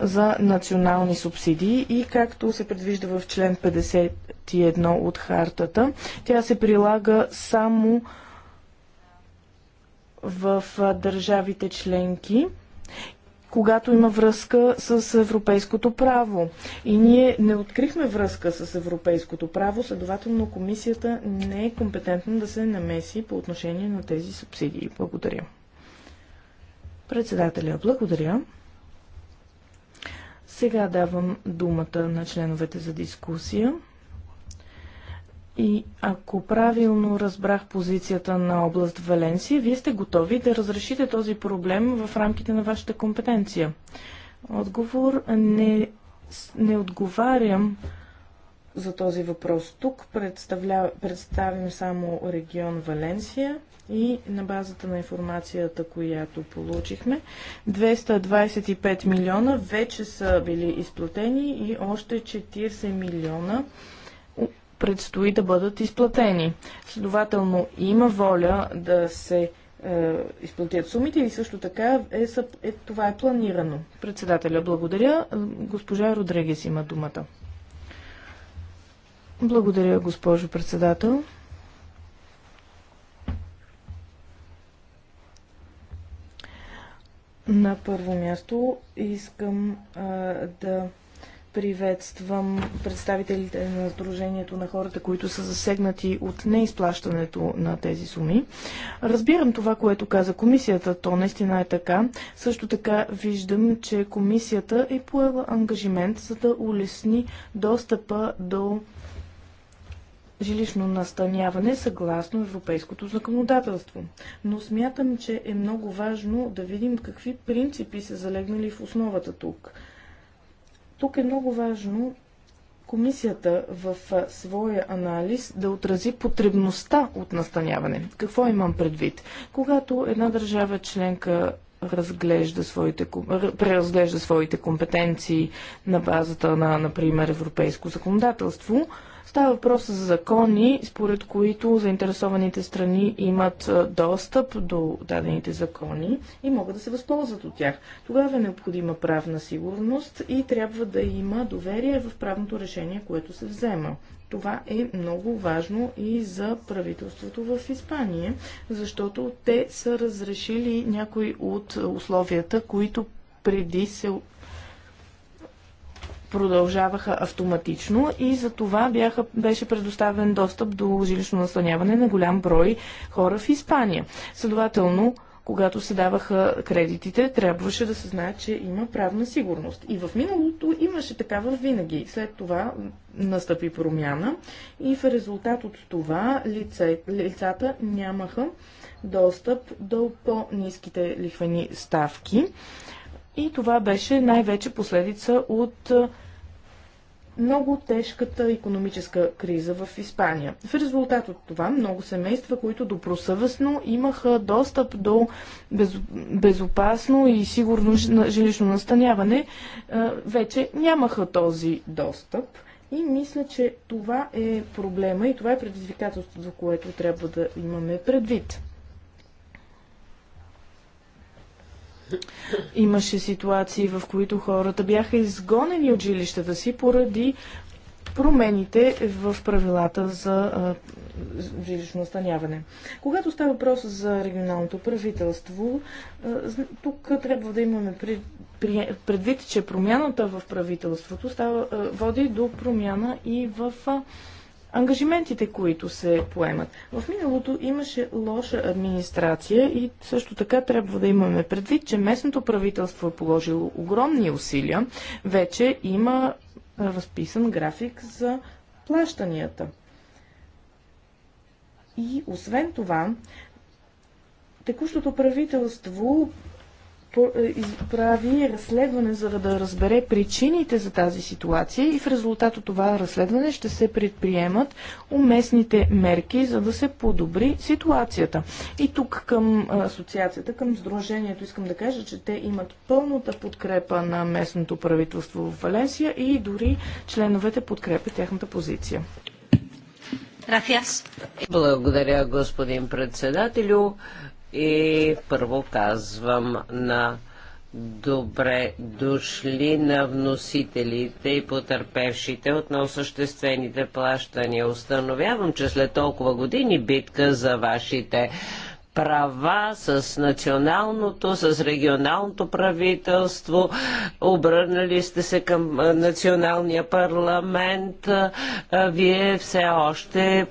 за национални субсидии и както се предвижда в член 51 от хартата, тя се прилага само в държавите членки когато има връзка с европейското право. И ние не открихме връзка с европейското право, следователно комисията не е компетентна да се намеси по отношение на тези субсидии. Благодаря. Председателя, благодаря. Сега давам думата на членовете за дискусия. И ако правилно разбрах позицията на област Валенсия, вие сте готови да разрешите този проблем в рамките на вашата компетенция. Отговор не, не отговарям за този въпрос тук. Представля, представим само регион Валенсия и на базата на информацията, която получихме, 225 милиона вече са били изплатени и още 40 милиона предстои да бъдат изплатени. Следователно има воля да се е, изплатят сумите и също така е, е, това е планирано. Председателя, благодаря. Госпожа Родригес има думата. Благодаря, госпожо председател. На първо място искам а, да Приветствам представителите на Сдружението на хората, които са засегнати от неизплащането на тези суми. Разбирам това, което каза комисията. То наистина е така. Също така виждам, че комисията е поела ангажимент, за да улесни достъпа до жилищно настаняване съгласно европейското законодателство. Но смятам, че е много важно да видим какви принципи са залегнали в основата тук. Тук е много важно комисията в своя анализ да отрази потребността от настаняване. Какво имам предвид? Когато една държава членка разглежда своите, преразглежда своите компетенции на базата на, например, европейско законодателство, Става въпрос за закони, според които заинтересованите страни имат достъп до дадените закони и могат да се възползват от тях. Тогава е необходима правна сигурност и трябва да има доверие в правното решение, което се взема. Това е много важно и за правителството в Испания, защото те са разрешили някои от условията, които преди се продължаваха автоматично и за това бяха, беше предоставен достъп до жилищно настаняване на голям брой хора в Испания. Следователно, когато се даваха кредитите, трябваше да се знае, че има правна сигурност. И в миналото имаше такава винаги. След това настъпи промяна и в резултат от това лице, лицата нямаха достъп до по-низките лихвени ставки и това беше най-вече последица от много тежката економическа криза в Испания. В резултат от това много семейства, които добросъвестно имаха достъп до без, безопасно и сигурно жилищно настаняване, вече нямаха този достъп. И мисля, че това е проблема и това е предизвикателството, за което трябва да имаме предвид. Имаше ситуации, в които хората бяха изгонени от жилищата си поради промените в правилата за жилищно настаняване. Когато става въпрос за регионалното правителство, тук трябва да имаме предвид, че промяната в правителството става, води до промяна и в ангажиментите, които се поемат. В миналото имаше лоша администрация и също така трябва да имаме предвид, че местното правителство е положило огромни усилия. Вече има разписан график за плащанията. И освен това, текущото правителство е, прави разследване, за да разбере причините за тази ситуация и в резултат от това разследване ще се предприемат уместните мерки, за да се подобри ситуацията. И тук към е, асоциацията, към сдружението искам да кажа, че те имат пълната подкрепа на местното правителство в Валенсия и дори членовете подкрепят тяхната позиция. Благодаря, господин председателю. И първо казвам на добре дошли на вносителите и потърпевшите от неосъществените плащания. Установявам, че след толкова години битка за вашите права с националното, с регионалното правителство, обърнали сте се към националния парламент, вие все още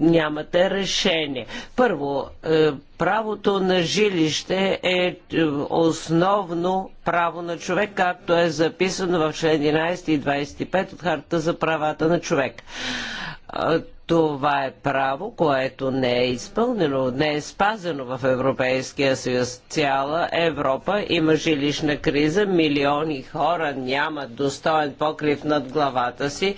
нямате решение. Първо, е, правото на жилище е, е основно право на човек, както е записано в член 11 и 25 от Харта за правата на човек това е право, което не е изпълнено, не е спазено в Европейския съюз. Цяла Европа има жилищна криза, милиони хора нямат достоен покрив над главата си,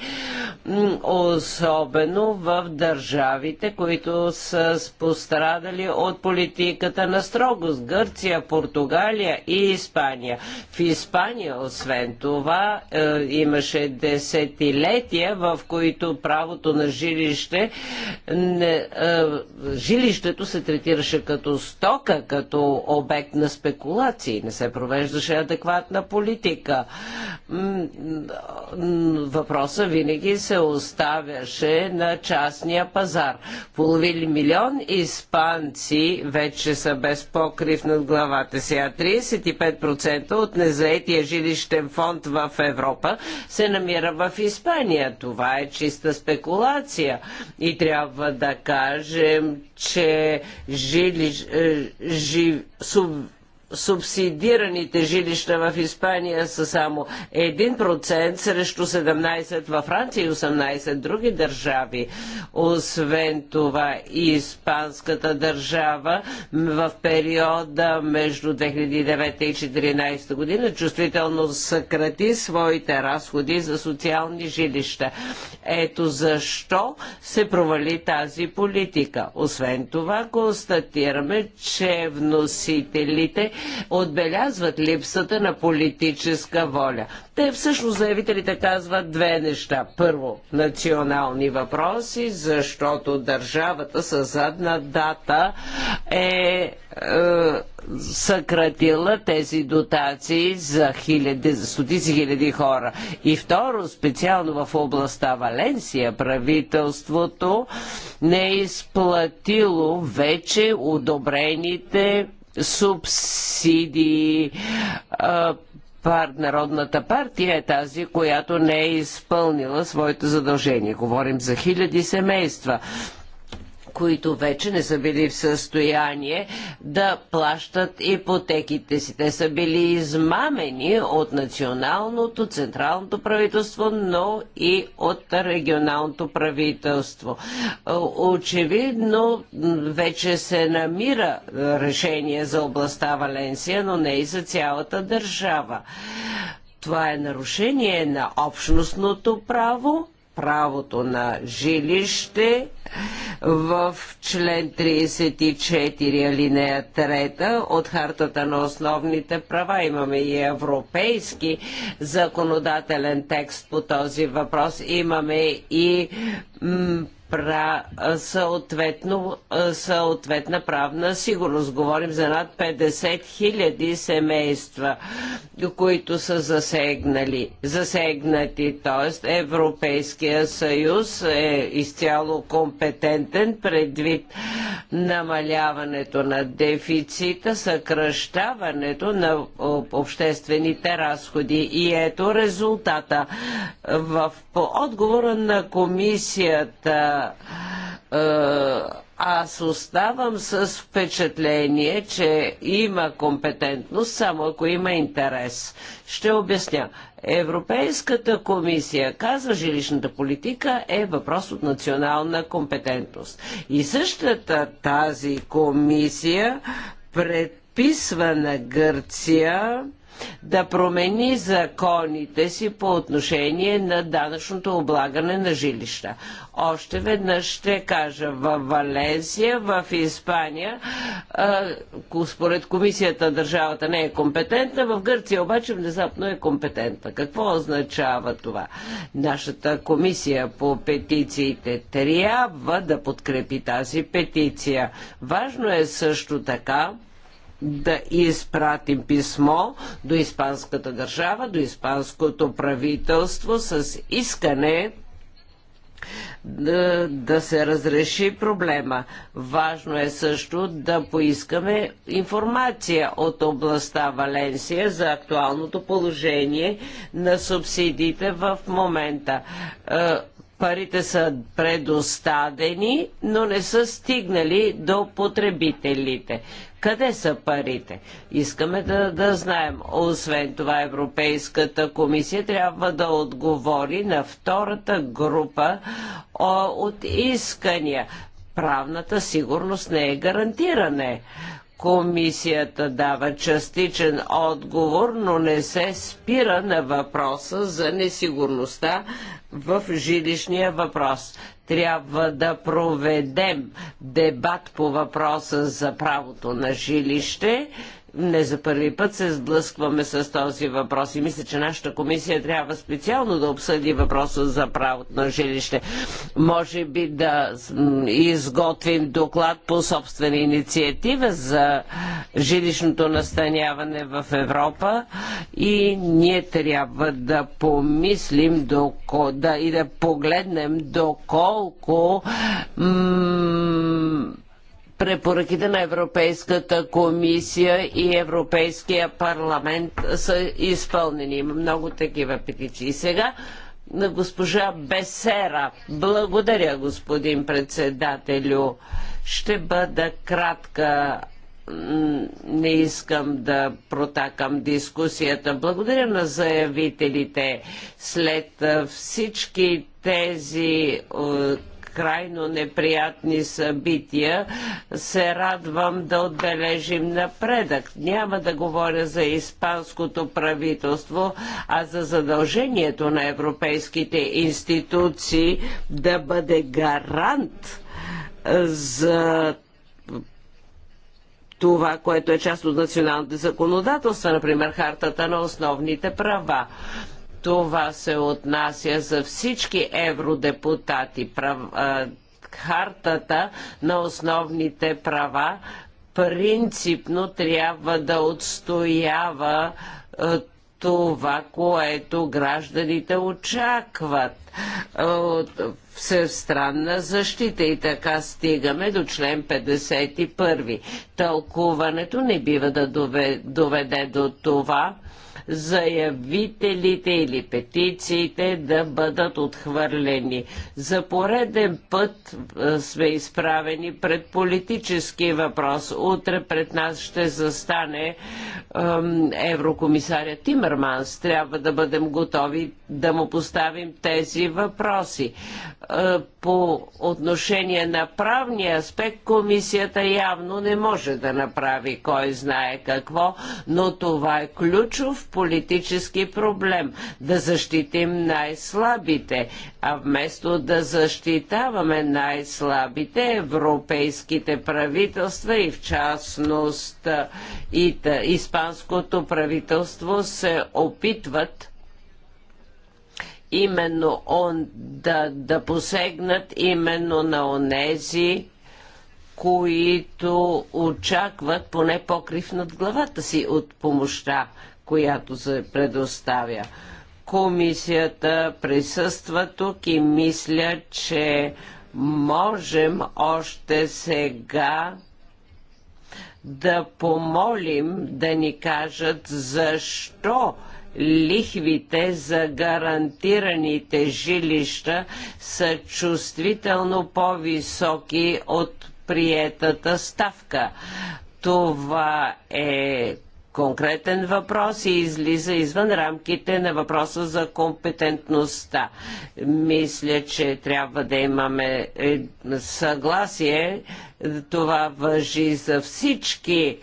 особено в държавите, които са пострадали от политиката на строгост. Гърция, Португалия и Испания. В Испания, освен това, е, имаше десетилетия, в които правото на жилищ жилище. не, а, жилището се третираше като стока, като обект на спекулации. Не се провеждаше адекватна политика. Въпросът винаги се оставяше на частния пазар. Половин милион испанци вече са без покрив над главата си, а 35% от незаетия жилищен фонд в Европа се намира в Испания. Това е чиста спекулация. И трябва да кажем, че жили е, жив, субсидираните жилища в Испания са само 1% срещу 17% във Франция и 18% други държави. Освен това и испанската държава в периода между 2009 и 2014 година чувствително съкрати своите разходи за социални жилища. Ето защо се провали тази политика. Освен това констатираме, че вносителите отбелязват липсата на политическа воля. Те всъщност заявителите казват две неща. Първо, национални въпроси, защото държавата със задна дата е, е съкратила тези дотации за хиляди, за стотици хиляди хора. И второ, специално в областта Валенсия, правителството не е изплатило вече одобрените субсидии. Пар, Народната партия е тази, която не е изпълнила своите задължения. Говорим за хиляди семейства които вече не са били в състояние да плащат ипотеките си. Те са били измамени от националното, централното правителство, но и от регионалното правителство. Е, очевидно вече се намира е, решение за областта Валенсия, но не и за цялата държава. Това е нарушение на общностното право правото на жилище в член 34 алинея 3 от Хартата на основните права. Имаме и европейски законодателен текст по този въпрос. Имаме и съответно, съответна правна сигурност. Говорим за над 50 хиляди семейства, които са засегнали, засегнати. Тоест Европейския съюз е изцяло компетентен предвид намаляването на дефицита, съкръщаването на обществените разходи. И ето резултата. В, по отговора на комисията е, аз оставам с впечатление, че има компетентност, само ако има интерес. Ще обясня. Европейската комисия казва, жилищната политика е въпрос от национална компетентност. И същата тази комисия предписва на Гърция да промени законите си по отношение на данъчното облагане на жилища. Още веднъж ще кажа, в Валенсия, в Испания, според комисията държавата не е компетентна, в Гърция обаче внезапно е компетентна. Какво означава това? Нашата комисия по петициите трябва да подкрепи тази петиция. Важно е също така, да изпратим писмо до испанската държава, до испанското правителство с искане да, да се разреши проблема. Важно е също да поискаме информация от областта Валенсия за актуалното положение на субсидиите в момента. Е, парите са предоставени, но не са стигнали до потребителите. Къде са парите? Искаме да, да знаем. Освен това, Европейската комисия трябва да отговори на втората група о, от искания. Правната сигурност не е гарантиране. Комисията дава частичен отговор, но не се спира на въпроса за несигурността в жилищния въпрос трябва да проведем дебат по въпроса за правото на жилище, не за първи път се сблъскваме с този въпрос и мисля, че нашата комисия трябва специално да обсъди въпроса за правото на жилище. Може би да изготвим доклад по собствена инициатива за жилищното настаняване в Европа и ние трябва да помислим доко, да, и да погледнем доколко препоръките на Европейската комисия и Европейския парламент са изпълнени. Има много такива петиции. Сега на госпожа Бесера. Благодаря, господин председателю. Ще бъда кратка. Не искам да протакам дискусията. Благодаря на заявителите. След всички тези крайно неприятни събития, се радвам да отбележим напредък. Няма да говоря за испанското правителство, а за задължението на европейските институции да бъде гарант за това, което е част от националните законодателства, например Хартата на основните права. Това се отнася за всички евродепутати. Прав, хартата на основните права принципно трябва да отстоява това, което гражданите очакват от всестранна защита и така стигаме до член 51. Тълкуването не бива да доведе до това заявителите или петициите да бъдат отхвърлени. За пореден път е, сме изправени пред политически въпрос. Утре пред нас ще застане еврокомисаря Тимерманс. Трябва да бъдем готови да му поставим тези въпроси. Е, по отношение на правния аспект, комисията явно не може да направи кой знае какво, но това е ключов политически проблем. Да защитим най-слабите, а вместо да защитаваме най-слабите, европейските правителства и в частност и испанското правителство се опитват именно он, да, да посегнат именно на онези, които очакват поне покрив над главата си от помощта, която се предоставя. Комисията присъства тук и мисля, че можем още сега да помолим да ни кажат защо лихвите за гарантираните жилища са чувствително по-високи от приетата ставка. Това е конкретен въпрос и излиза извън рамките на въпроса за компетентността. Мисля, че трябва да имаме е, съгласие. Това въжи за всички.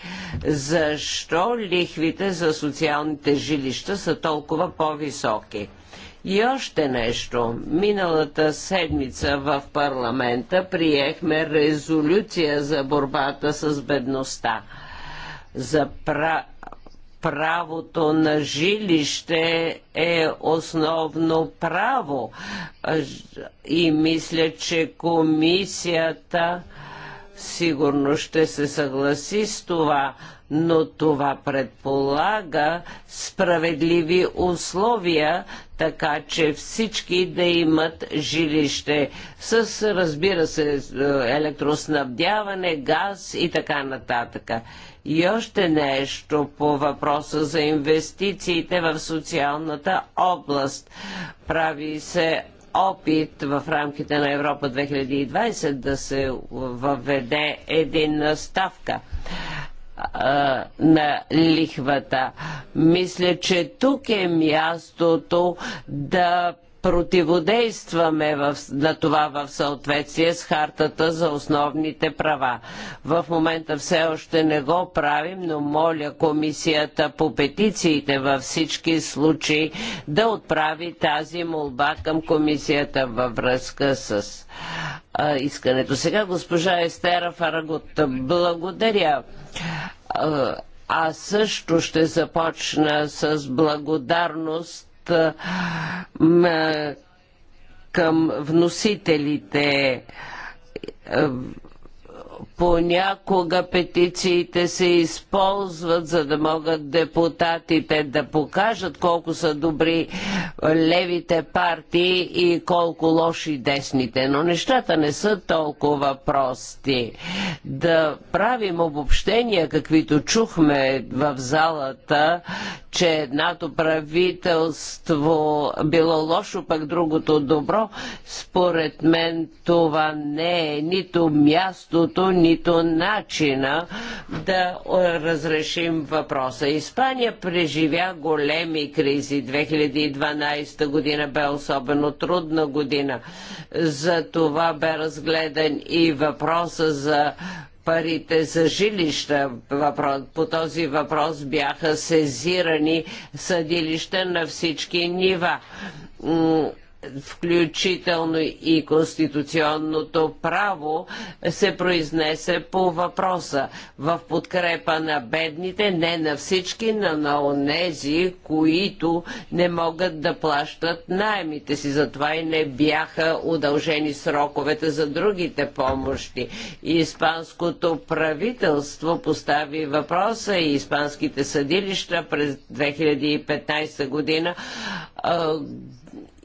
Защо лихвите за социалните жилища са толкова по-високи? И още нещо. Миналата седмица в парламента приехме резолюция за борбата с бедността за пра правото на жилище е основно право и мисля, че комисията сигурно ще се съгласи с това, но това предполага справедливи условия, така че всички да имат жилище с, разбира се, електроснабдяване, газ и така нататък. И още нещо по въпроса за инвестициите в социалната област. Прави се опит в рамките на Европа 2020 да се въведе един ставка на лихвата. Мисля, че тук е мястото да противодействаме в, на това в съответствие с хартата за основните права. В момента все още не го правим, но моля комисията по петициите във всички случаи да отправи тази молба към комисията във връзка с а, искането. Сега госпожа Естера Фарагут, благодаря. А, аз също ще започна с благодарност към вносителите Понякога петициите се използват, за да могат депутатите да покажат колко са добри левите партии и колко лоши десните. Но нещата не са толкова прости. Да правим обобщения, каквито чухме в залата, че едното правителство било лошо, пък другото добро, според мен това не е нито мястото, нито, начина да разрешим въпроса. Испания преживя големи кризи. 2012 година бе особено трудна година. За това бе разгледан и въпроса за парите за жилища. По този въпрос бяха сезирани съдилища на всички нива включително и конституционното право, се произнесе по въпроса в подкрепа на бедните, не на всички, но на онези, които не могат да плащат найемите си. Затова и не бяха удължени сроковете за другите помощи. Испанското правителство постави въпроса и испанските съдилища през 2015 година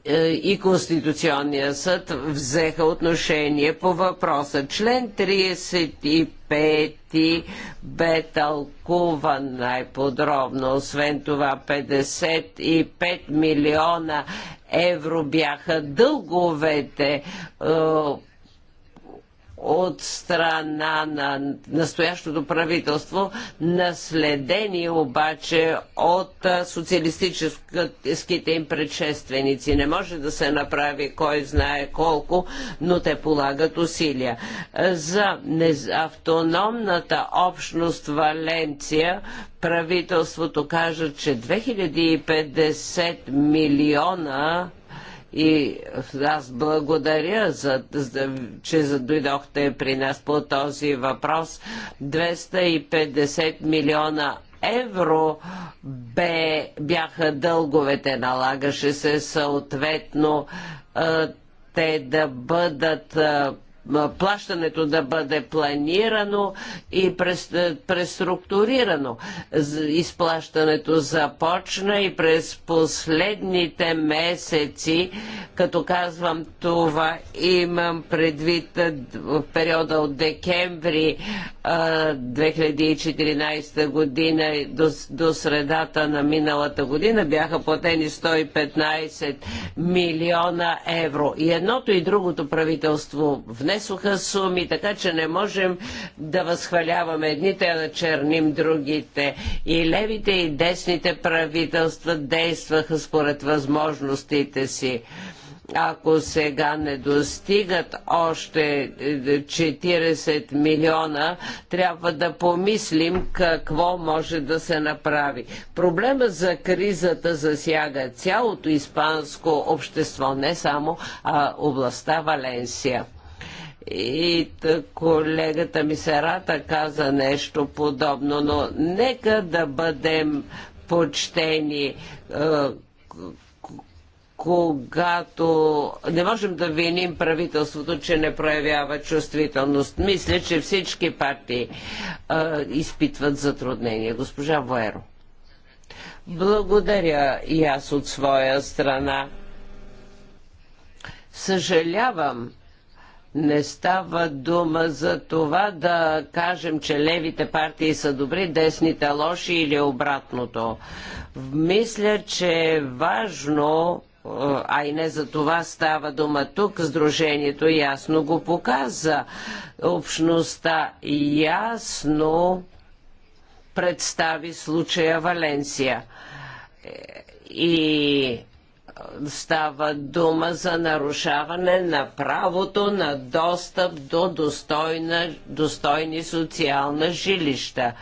е, и Конституционния съд взеха отношение по въпроса. Член 35 бе тълкуван най-подробно. Освен това 55 милиона евро бяха дълговете е, от страна на настоящото правителство, наследени обаче от социалистическите им предшественици. Не може да се направи кой знае колко, но те полагат усилия. За автономната общност Валенция правителството кажа, че 2050 милиона и аз благодаря, за, за, че задойдохте при нас по този въпрос. 250 милиона евро бе, бяха дълговете. Налагаше се съответно те да бъдат плащането да бъде планирано и преструктурирано. Изплащането започна и през последните месеци, като казвам това, имам предвид в периода от декември 2014 година до, до средата на миналата година бяха платени 115 милиона евро. И едното и другото правителство внесе пренесоха суми, така че не можем да възхваляваме едните, а да черним другите. И левите и десните правителства действаха според възможностите си ако сега не достигат още 40 е, е, милиона, трябва да помислим какво може да се направи. Проблема за кризата засяга цялото испанско общество, не само а, областта Валенсия. И колегата ми Сарата каза нещо подобно, но нека да бъдем почтени е, когато не можем да виним правителството, че не проявява чувствителност. Мисля, че всички партии е, изпитват затруднения. Госпожа Воеро. Благодаря и аз от своя страна. Съжалявам, не става дума за това да кажем, че левите партии са добри, десните лоши или обратното. Мисля, че е важно а и не за това става дума тук, Сдружението ясно го показа. Общността ясно представи случая Валенсия. И става дума за нарушаване на правото на достъп до достойна, достойни социална жилища.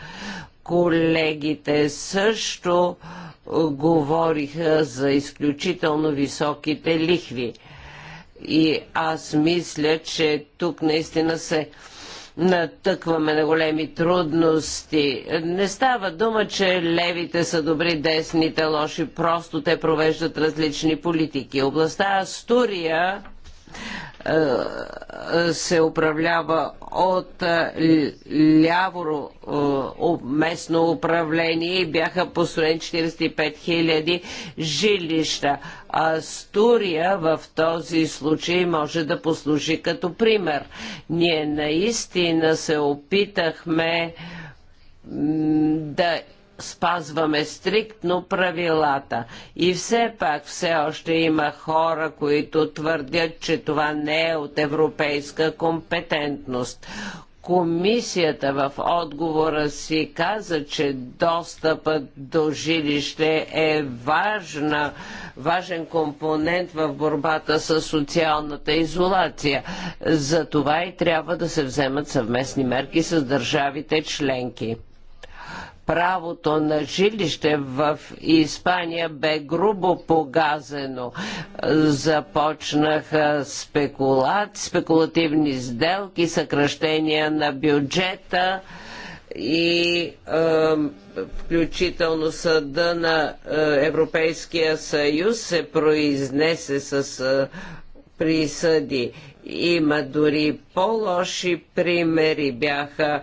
Колегите също говориха за изключително високите лихви. И аз мисля, че тук наистина се натъкваме на големи трудности. Не става дума, че левите са добри, десните лоши, просто те провеждат различни политики. Областта Астурия е, се управлява от е, ляво е, местно управление и бяха построени 45 000 жилища. Астурия в този случай може да послужи като пример. Ние наистина се опитахме да спазваме стриктно правилата. И все пак все още има хора, които твърдят, че това не е от европейска компетентност. Комисията в отговора си каза, че достъпът до жилище е важна, важен компонент в борбата с социалната изолация. За това и трябва да се вземат съвместни мерки с държавите членки правото на жилище в Испания бе грубо погазено. Започнаха спекулат, спекулативни сделки, съкръщения на бюджета и е, включително съда на е, Европейския съюз се произнесе с е, присъди. Има дори по-лоши примери. Бяха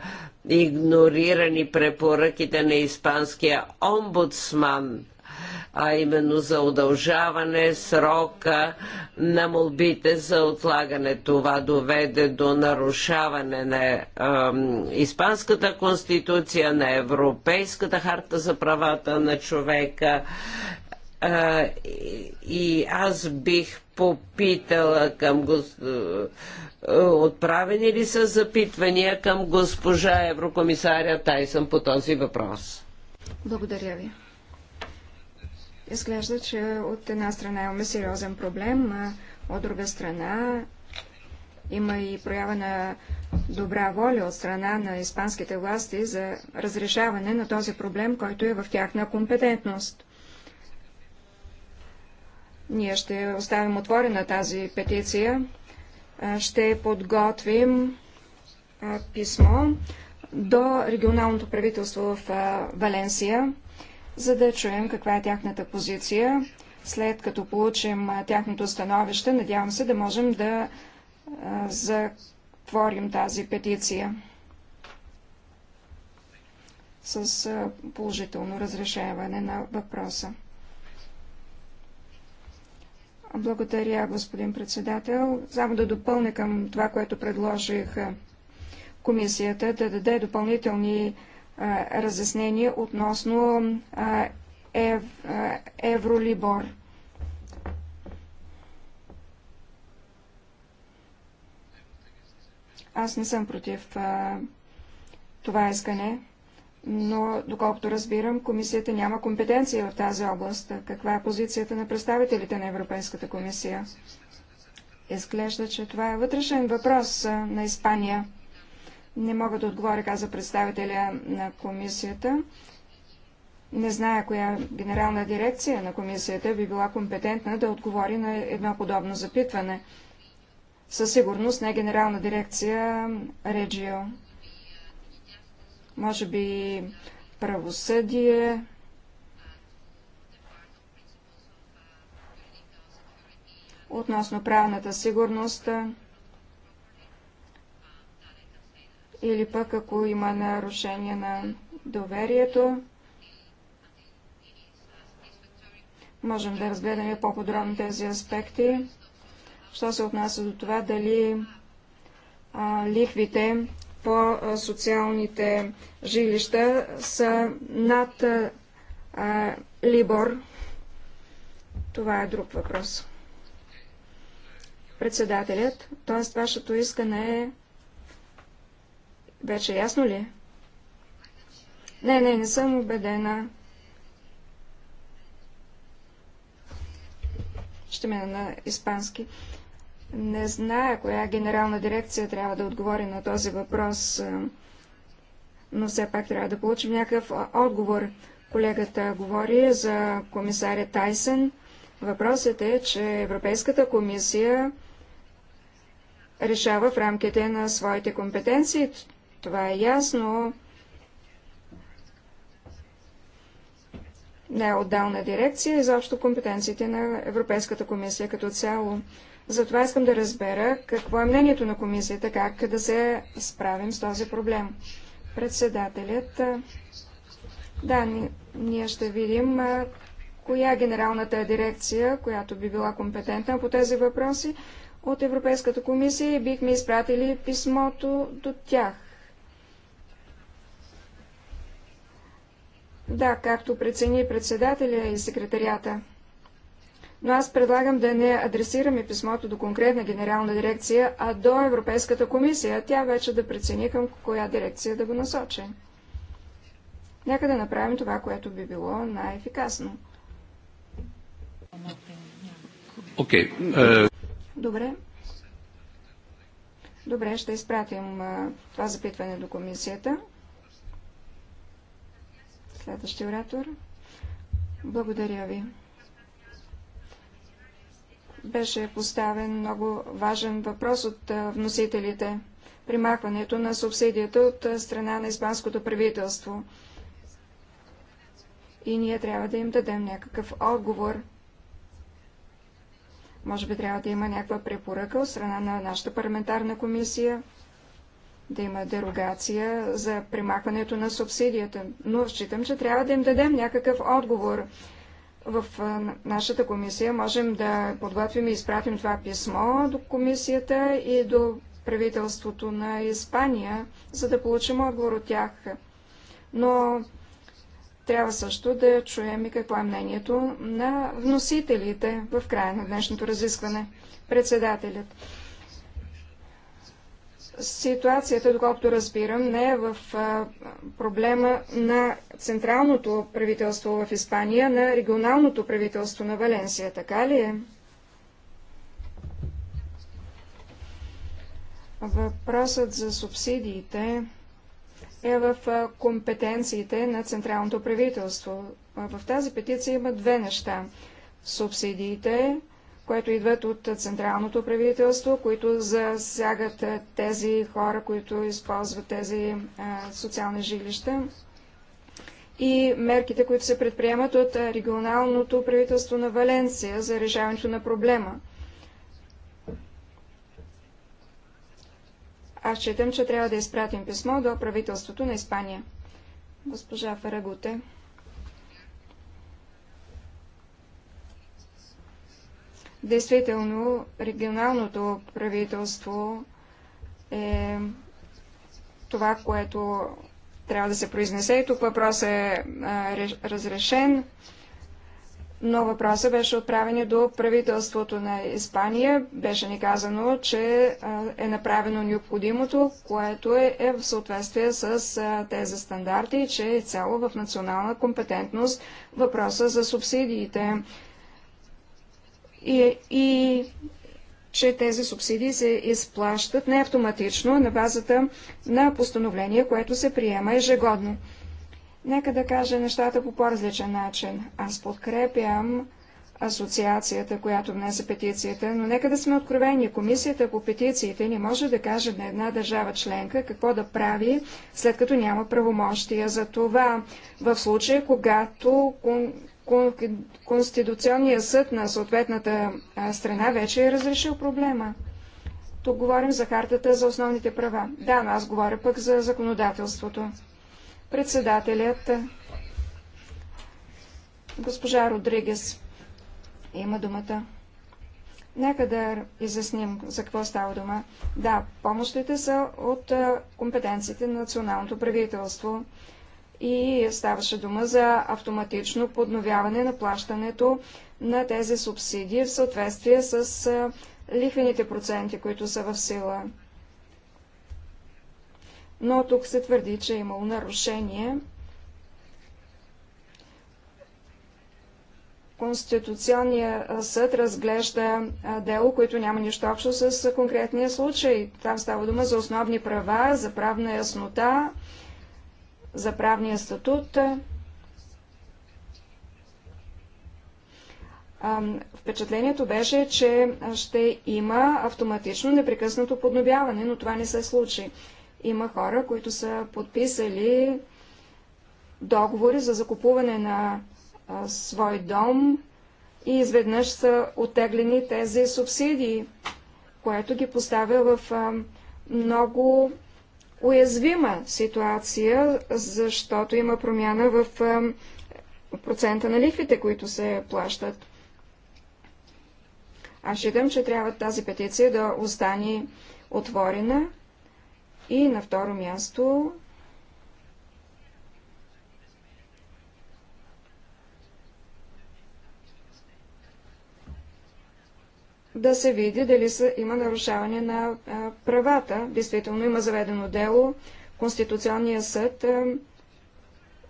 игнорирани препоръките на испанския омбудсман а именно за удължаване срока на молбите за отлагане. Това доведе до нарушаване на е, Испанската конституция, на Европейската харта за правата на човека. Е, и аз бих попитала към Отправени ли са запитвания към госпожа еврокомисаря Тайсън по този въпрос? Благодаря ви. Изглежда, че от една страна имаме сериозен проблем, а от друга страна има и проява на добра воля от страна на испанските власти за разрешаване на този проблем, който е в тяхна компетентност. Ние ще оставим отворена тази петиция ще подготвим писмо до регионалното правителство в Валенсия, за да чуем каква е тяхната позиция. След като получим тяхното становище, надявам се да можем да затворим тази петиция с положително разрешаване на въпроса. Благодаря, господин председател. Само да допълня към това, което предложих комисията, да даде допълнителни разяснения относно ев, Евролибор. Аз не съм против това искане но доколкото разбирам, комисията няма компетенция в тази област. Каква е позицията на представителите на Европейската комисия? Изглежда, че това е вътрешен въпрос на Испания. Не мога да отговоря, каза представителя на комисията. Не зная коя генерална дирекция на комисията би била компетентна да отговори на едно подобно запитване. Със сигурност не генерална дирекция Реджио може би правосъдие, относно правната сигурност или пък ако има нарушение на доверието. Можем да разгледаме по-подробно тези аспекти. Що се отнася до това, дали а, лихвите по социалните жилища са над а, Либор. Това е друг въпрос. Председателят, т.е. вашето искане е вече ясно ли? Не, не, не съм убедена. Ще ме на испански. Не зная коя генерална дирекция трябва да отговори на този въпрос, но все пак трябва да получим някакъв отговор. Колегата говори за комисаря Тайсен. Въпросът е, че Европейската комисия решава в рамките на своите компетенции. Това е ясно. Не е отдална дирекция, изобщо компетенциите на Европейската комисия като цяло. Затова искам да разбера какво е мнението на комисията, как да се справим с този проблем. Председателят, да, ние ще видим коя е генералната дирекция, която би била компетентна по тези въпроси от Европейската комисия и бихме изпратили писмото до тях. Да, както прецени председателя и секретарията но аз предлагам да не адресираме писмото до конкретна генерална дирекция, а до Европейската комисия. Тя вече да прецени към коя дирекция да го насочи. Нека да направим това, което би било най-ефикасно. Okay. Uh... Е. Добре. Добре, ще изпратим а, е, това запитване до комисията. Следващия оратор. Благодаря ви. Беше поставен много важен въпрос от вносителите – примахването на субсидията от страна на испанското правителство. И ние трябва да им дадем някакъв отговор. Може би трябва да има някаква препоръка от страна на нашата парламентарна комисия, да има дерогация за примахването на субсидията. Но считам, че трябва да им дадем някакъв отговор в нашата комисия можем да подготвим и изпратим това писмо до комисията и до правителството на Испания, за да получим отговор от тях. Но трябва също да чуем и какво е мнението на вносителите в края на днешното разискване. Председателят. Ситуацията, доколкото разбирам, не е в проблема на централното правителство в Испания, на регионалното правителство на Валенсия, така ли е? Въпросът за субсидиите е в компетенциите на Централното правителство. В тази петиция има две неща. Субсидиите които идват от централното правителство, които засягат тези хора, които използват тези социални жилища и мерките, които се предприемат от регионалното правителство на Валенсия за решаването на проблема. Аз считам, че трябва да изпратим писмо до правителството на Испания. Госпожа Фарагуте. Действително, регионалното правителство е това, което трябва да се произнесе. И тук въпросът е разрешен, но въпросът беше отправен до правителството на Испания. Беше ни казано, че е направено необходимото, което е, е в съответствие с тези стандарти и че е цяло в национална компетентност въпроса за субсидиите и, и че тези субсидии се изплащат не автоматично на базата на постановление, което се приема ежегодно. Нека да кажа нещата по по-различен начин. Аз подкрепям асоциацията, която внесе петицията, но нека да сме откровени. Комисията по петициите не може да каже на една държава членка какво да прави, след като няма правомощия за това. В случая, когато Конституционния съд на съответната страна вече е разрешил проблема. Тук говорим за хартата за основните права. Да, но аз говоря пък за законодателството. Председателят госпожа Родригес има думата. Нека да изясним за какво става дума. Да, помощите са от компетенциите на националното правителство и ставаше дума за автоматично подновяване на плащането на тези субсидии в съответствие с лихвените проценти, които са в сила. Но тук се твърди, че е имало нарушение. Конституционният съд разглежда дело, което няма нищо общо с конкретния случай. Там става дума за основни права, за правна яснота, за правния статут. Впечатлението беше, че ще има автоматично непрекъснато подновяване, но това не се случи. Има хора, които са подписали договори за закупуване на свой дом и изведнъж са отеглени тези субсидии, което ги поставя в много уязвима ситуация, защото има промяна в процента на лихвите, които се плащат. Аз считам, че трябва тази петиция да остане отворена. И на второ място да се види дали са, има нарушаване на а, правата. Действително има заведено дело. Конституционния съд а,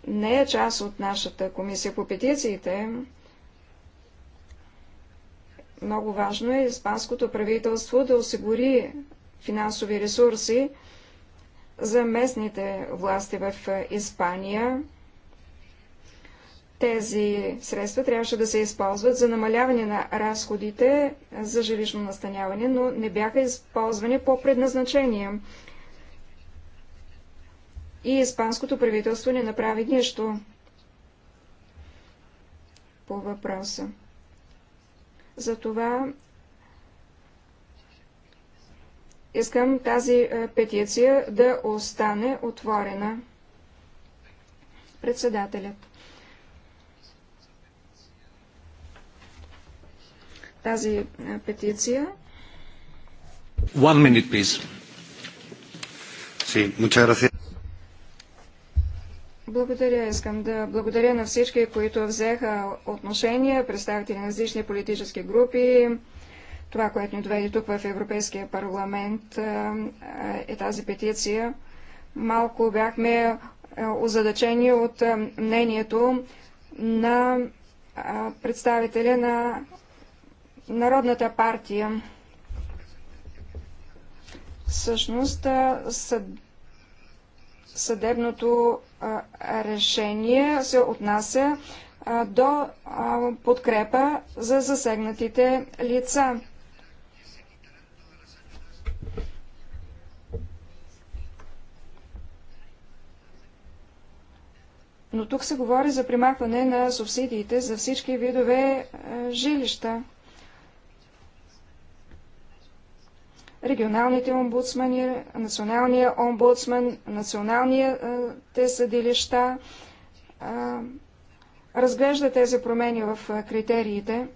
не е част от нашата комисия по петициите. Много важно е испанското правителство да осигури финансови ресурси за местните власти в Испания тези средства трябваше да се използват за намаляване на разходите за жилищно настаняване, но не бяха използвани по предназначение. И испанското правителство не направи нищо по въпроса. Затова искам тази е, петиция да остане отворена. Председателят. тази е, петиция. One minute, please. Sí, muchas gracias. Благодаря. Искам да благодаря на всички, които взеха отношения, представители на различни политически групи. Това, което ни доведе тук в Европейския парламент е, е тази петиция. Малко бяхме е, озадачени от мнението на представителя на Народната партия всъщност съд... съдебното а, решение се отнася а, до а, подкрепа за засегнатите лица. Но тук се говори за примахване на субсидиите за всички видове жилища. регионалните омбудсмани, националния омбудсман, националните съдилища разглежда тези промени в критериите.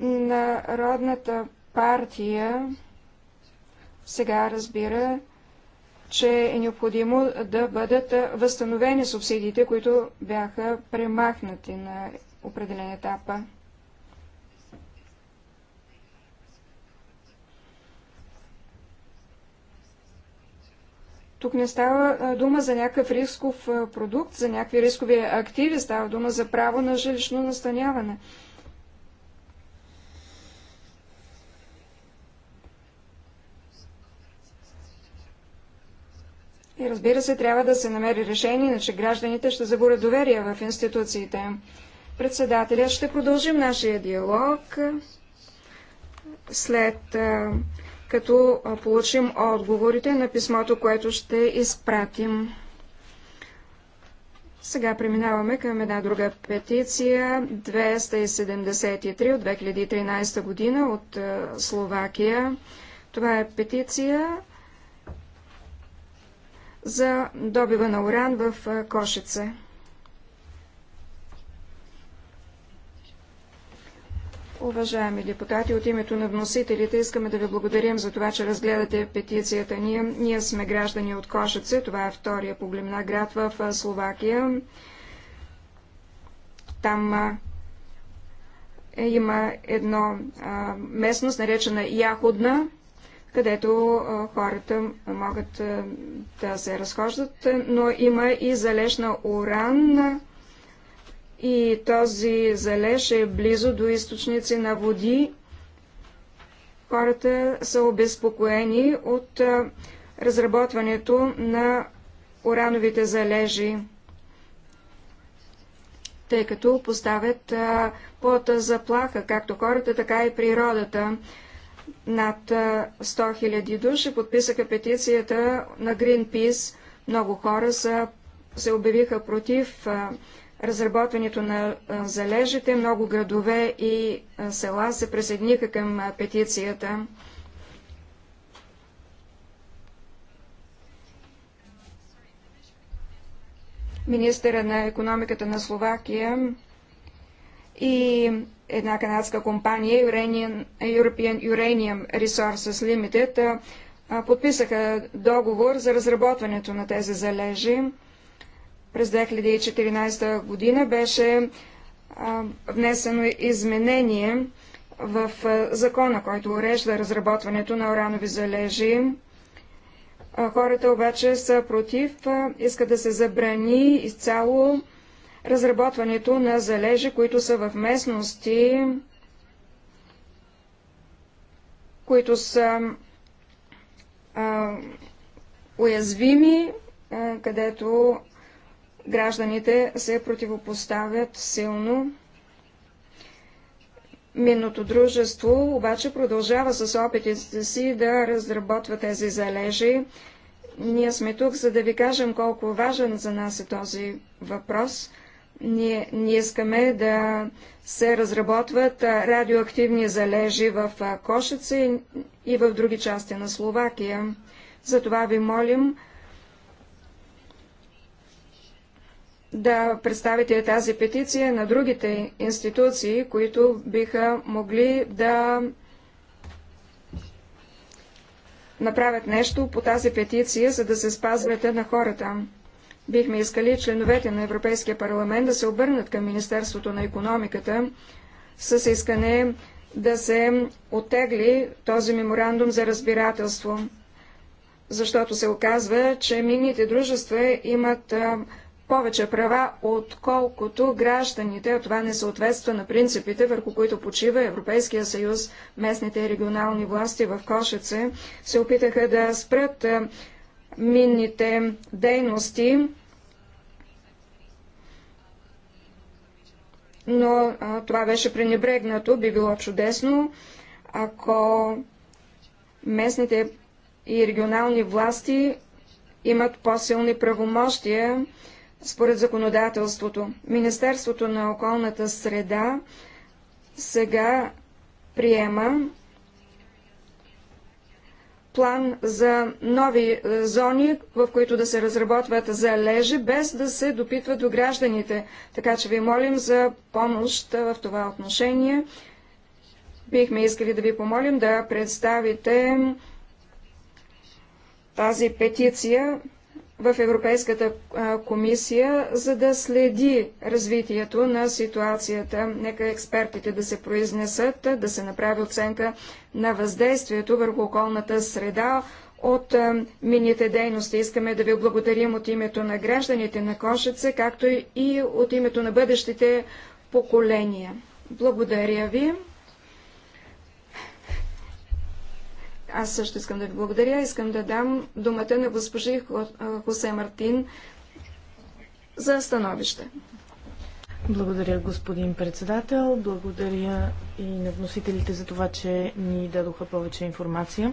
Народната партия сега разбира, че е необходимо да бъдат възстановени субсидиите, които бяха премахнати на определен етап. Тук не става дума за някакъв рисков продукт, за някакви рискови активи, става дума за право на жилищно настаняване. И разбира се, трябва да се намери решение, иначе гражданите ще загубят доверие в институциите. Председателя ще продължим нашия диалог след като получим отговорите на писмото, което ще изпратим. Сега преминаваме към една друга петиция, 273 от 2013 година от Словакия. Това е петиция за добива на уран в Кошице. Уважаеми депутати, от името на вносителите искаме да ви благодарим за това, че разгледате петицията ние. Ние сме граждани от Кошице, това е втория по големина град в Словакия. Там е, има едно а, местност, наречена Яходна, където хората могат да се разхождат, но има и залеж на уран и този залеж е близо до източници на води. Хората са обезпокоени от разработването на урановите залежи, тъй като поставят под заплаха както хората, така и природата. Над 100 000 души подписаха петицията на Greenpeace. Много хора са, се обявиха против разработването на залежите. Много градове и села се присъединиха към петицията. Министъра на економиката на Словакия и една канадска компания Uranium, European Uranium Resources Limited подписаха договор за разработването на тези залежи. През 2014 година беше внесено изменение в закона, който урежда разработването на уранови залежи. Хората обаче са против, искат да се забрани изцяло разработването на залежи, които са в местности, които са а, уязвими, а, където гражданите се противопоставят силно. Минното дружество обаче продължава с опитите си да разработва тези залежи. Ние сме тук, за да ви кажем колко важен за нас е този въпрос. Ние, ние искаме да се разработват радиоактивни залежи в Кошица и, и в други части на Словакия. Затова ви молим да представите тази петиция на другите институции, които биха могли да направят нещо по тази петиция, за да се спазвате на хората. Бихме искали членовете на Европейския парламент да се обърнат към Министерството на економиката с искане да се отегли този меморандум за разбирателство, защото се оказва, че минните дружества имат повече права, отколкото гражданите, а това не съответства на принципите, върху които почива Европейския съюз. Местните и регионални власти в Кошеце се опитаха да спрат минните дейности, но а, това беше пренебрегнато. Би било чудесно, ако местните и регионални власти имат по-силни правомощия според законодателството. Министерството на околната среда сега приема план за нови е, зони, в които да се разработват залежи, без да се допитва до гражданите. Така че ви молим за помощ е, в това отношение. Бихме искали да ви помолим да представите тази петиция в Европейската комисия, за да следи развитието на ситуацията. Нека експертите да се произнесат, да се направи оценка на въздействието върху околната среда от мините дейности. Искаме да ви благодарим от името на гражданите на Кошице, както и от името на бъдещите поколения. Благодаря ви. Аз също искам да ви благодаря. Искам да дам думата на госпожи Хосе Мартин за становище. Благодаря, господин председател. Благодаря и на вносителите за това, че ни дадоха повече информация.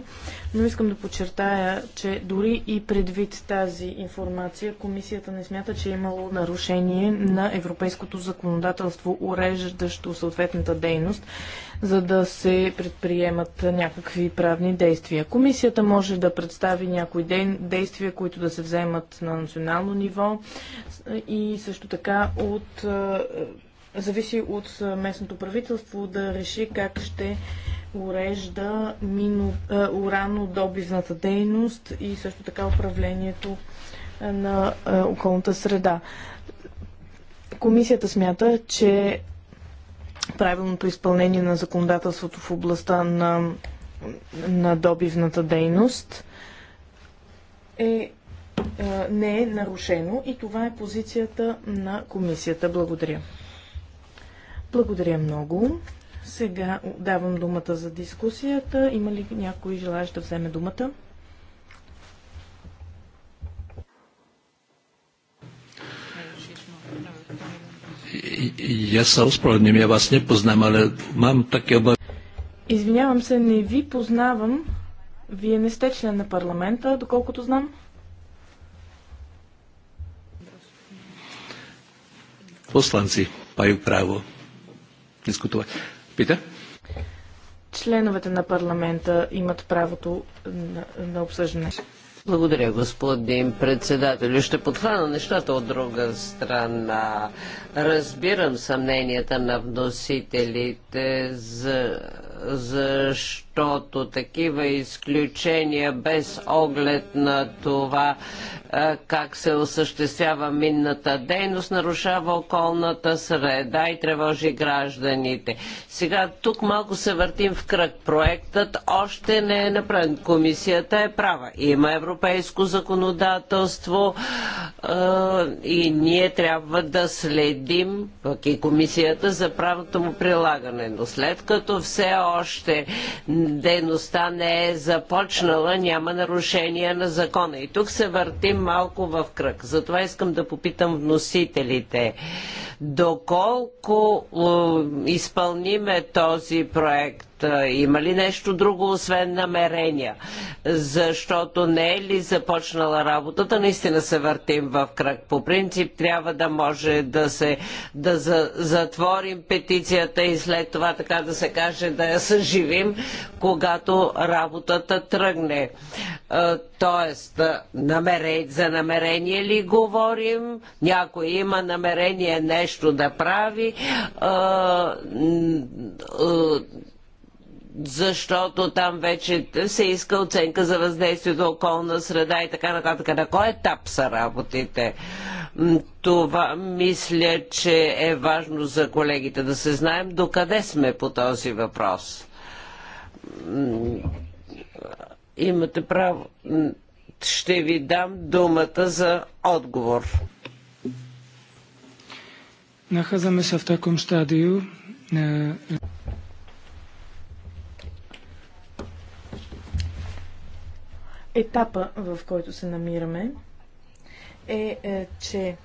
Но искам да подчертая, че дори и предвид тази информация, комисията не смята, че е имало нарушение на европейското законодателство, уреждащо съответната дейност, за да се предприемат някакви правни действия. Комисията може да представи някои действия, които да се вземат на национално ниво и също така от е, зависи от местното правителство да реши как ще урежда мино, а, урано добивната дейност и също така управлението на а, околната среда. Комисията смята, че правилното изпълнение на законодателството в областта на, на добивната дейност е не е нарушено и това е позицията на комисията. Благодаря. Благодаря много. Сега давам думата за дискусията. Има ли някой желаящ да вземе думата? Е, е, е, я се осправдним, я вас не познам, але мам такива... Извинявам се, не ви познавам. Вие не сте член на парламента, доколкото знам. Посланци, паю право дискутува. Питер? Членовете на парламента имат правото на, на обсъждане. Благодаря, господин председател. Ще подхвана нещата от друга страна. Разбирам съмненията на вносителите за, защо защото такива изключения без оглед на това е, как се осъществява минната дейност, нарушава околната среда и тревожи гражданите. Сега тук малко се въртим в кръг. Проектът още не е направен. Комисията е права. Има европейско законодателство е, и ние трябва да следим пък и комисията за правото му прилагане. Но след като все още дейността не е започнала, няма нарушение на закона. И тук се въртим малко в кръг. Затова искам да попитам вносителите. Доколко изпълниме този проект? Е, има ли нещо друго, освен намерения? Защото не е ли започнала работата, наистина се въртим в кръг. По принцип трябва да може да се да за, затворим петицията и след това, така да се каже, да я съживим, когато работата тръгне. Е, тоест, за намерение ли говорим? Някой има намерение нещо да прави. А, е, а, защото там вече се иска оценка за въздействието околна среда и така нататък. На кой етап са работите? Това мисля, че е важно за колегите да се знаем докъде сме по този въпрос. Имате право. Ще ви дам думата за отговор. Нахазаме се в таком стадио. Е, етапа, в който се намираме, е, е че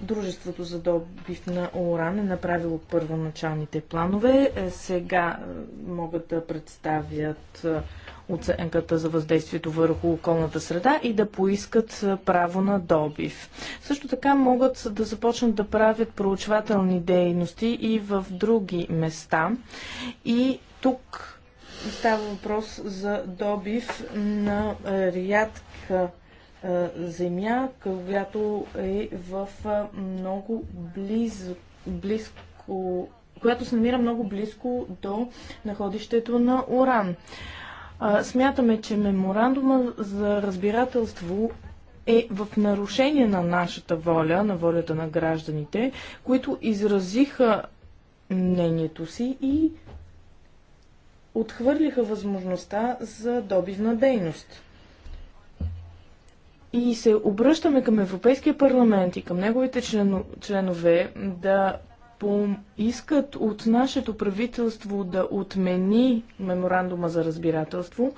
Дружеството за добив на Оран е направило първоначалните планове. Е, сега е, могат да представят е, оценката за въздействието върху околната среда и да поискат право на добив. Също така могат да започнат да правят проучвателни дейности и в други места. И тук Става въпрос за добив на е, рядка е, земя, която е в е, много близо, близко, която се намира много близко до находището на уран. Смятаме, че меморандума за разбирателство е в нарушение на нашата воля, на волята на гражданите, които изразиха мнението си и отхвърлиха възможността за добивна дейност. И се обръщаме към Европейския парламент и към неговите членове да искат от нашето правителство да отмени меморандума за разбирателство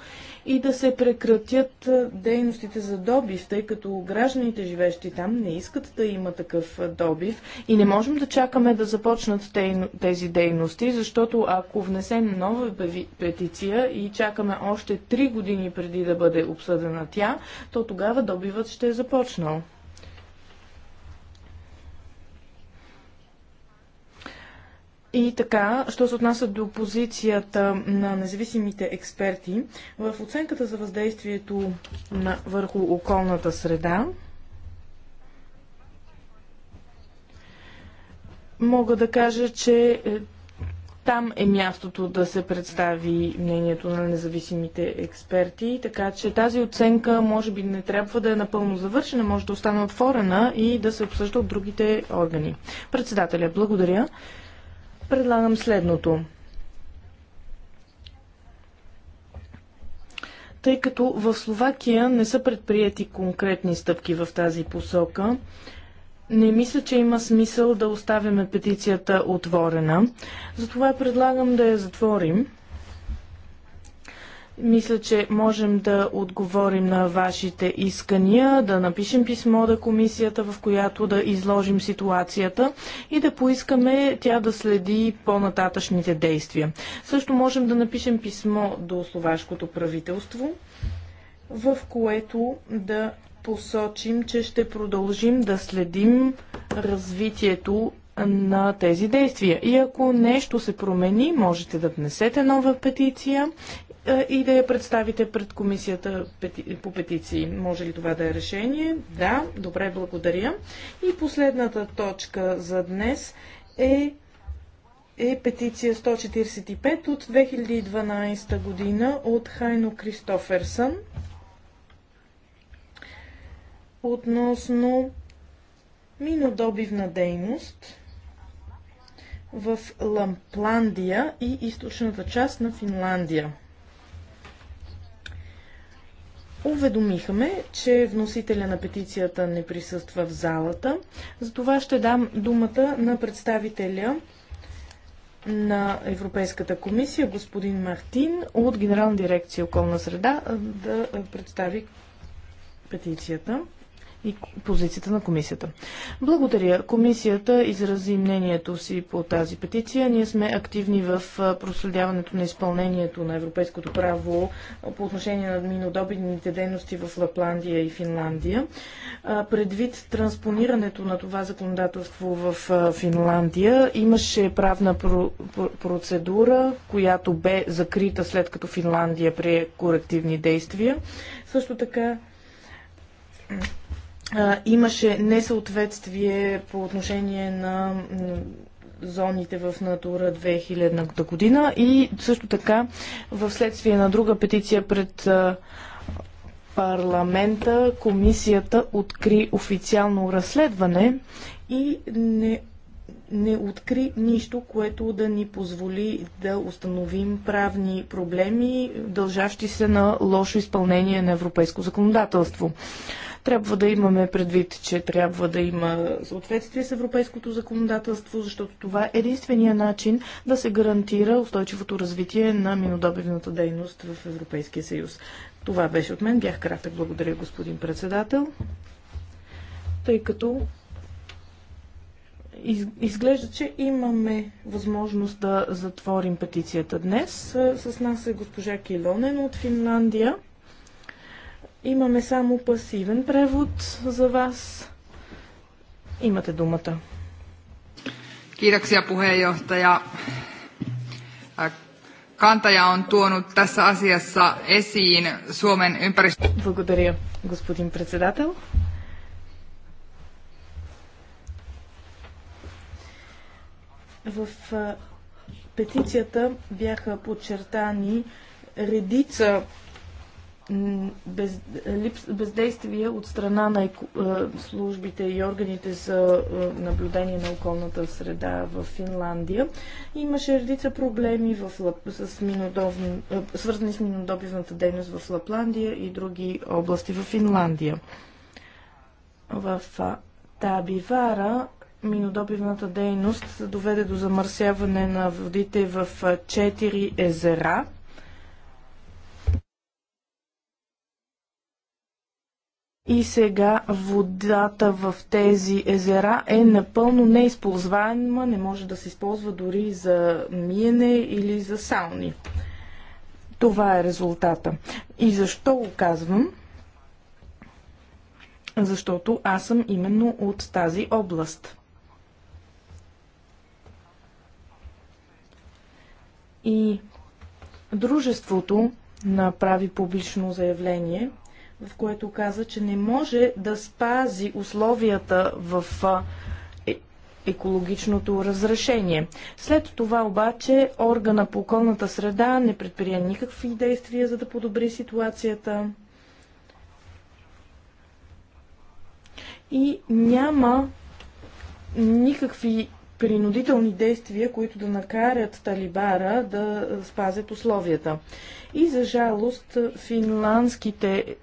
и да се прекратят дейностите за добив, тъй като гражданите, живещи там, не искат да има такъв добив и не можем да чакаме да започнат тези дейности, защото ако внесем нова петиция и чакаме още три години преди да бъде обсъдена тя, то тогава добивът ще е започнал. И така, що се отнася до позицията на независимите експерти, в оценката за въздействието на, върху околната среда, мога да кажа, че е, там е мястото да се представи мнението на независимите експерти, така че тази оценка може би не трябва да е напълно завършена, може да остане отворена и да се обсъжда от другите органи. Председателя, благодаря предлагам следното. Тъй като в Словакия не са предприяти конкретни стъпки в тази посока, не мисля, че има смисъл да оставяме петицията отворена. Затова предлагам да я затворим мисля, че можем да отговорим на вашите искания, да напишем писмо до комисията, в която да изложим ситуацията и да поискаме тя да следи по-нататъчните действия. Също можем да напишем писмо до словашкото правителство, в което да посочим, че ще продължим да следим развитието на тези действия. И ако нещо се промени, можете да внесете нова петиция и да я представите пред комисията по петиции. Може ли това да е решение? Да, добре, благодаря. И последната точка за днес е е петиция 145 от 2012 година от Хайно Кристоферсън относно минодобивна дейност в Лампландия и източната част на Финландия. Уведомиха ме, че вносителя на петицията не присъства в залата. Затова ще дам думата на представителя на Европейската комисия, господин Мартин от Генерална дирекция околна среда, да представи петицията и позицията на комисията. Благодаря. Комисията изрази мнението си по тази петиция. Ние сме активни в проследяването на изпълнението на европейското право по отношение на минодобидните дейности в Лапландия и Финландия. Предвид транспонирането на това законодателство в Финландия, имаше правна процедура, която бе закрита след като Финландия прие корективни действия. Също така имаше несъответствие по отношение на зоните в Натура 2000 година и също така в следствие на друга петиция пред парламента комисията откри официално разследване и не не откри нищо, което да ни позволи да установим правни проблеми, дължащи се на лошо изпълнение на европейско законодателство. Трябва да имаме предвид, че трябва да има съответствие с европейското законодателство, защото това е единствения начин да се гарантира устойчивото развитие на минодобивната дейност в Европейския съюз. Това беше от мен. Бях кратък. Благодаря, господин председател. Тъй като изглежда, че имаме възможност да затворим петицията днес. С нас е госпожа Килонен от Финландия. Имаме само пасивен превод за вас. Имате думата. Kiitoksia puheenjohtaja. Kantaja on tuonut tässä asiassa esiin Suomen ympäristö... Благодаря, господин председател. В петицията бяха подчертани редица без, липс, бездействие от страна на еко, е, службите и органите за е, наблюдение на околната среда в Финландия. Имаше редица проблеми в, с минодов, е, свързани с минодобивната дейност в Лапландия и други области в Финландия. В Табивара минодобивната дейност доведе до замърсяване на водите в четири езера – И сега водата в тези езера е напълно неизползваема, не може да се използва дори за миене или за сауни. Това е резултата. И защо го казвам? Защото аз съм именно от тази област. И дружеството направи публично заявление – в което каза, че не може да спази условията в е, екологичното разрешение. След това обаче органа по околната среда не предприе никакви действия, за да подобри ситуацията. И няма никакви принудителни действия, които да накарат талибара да спазят условията. И за жалост финландските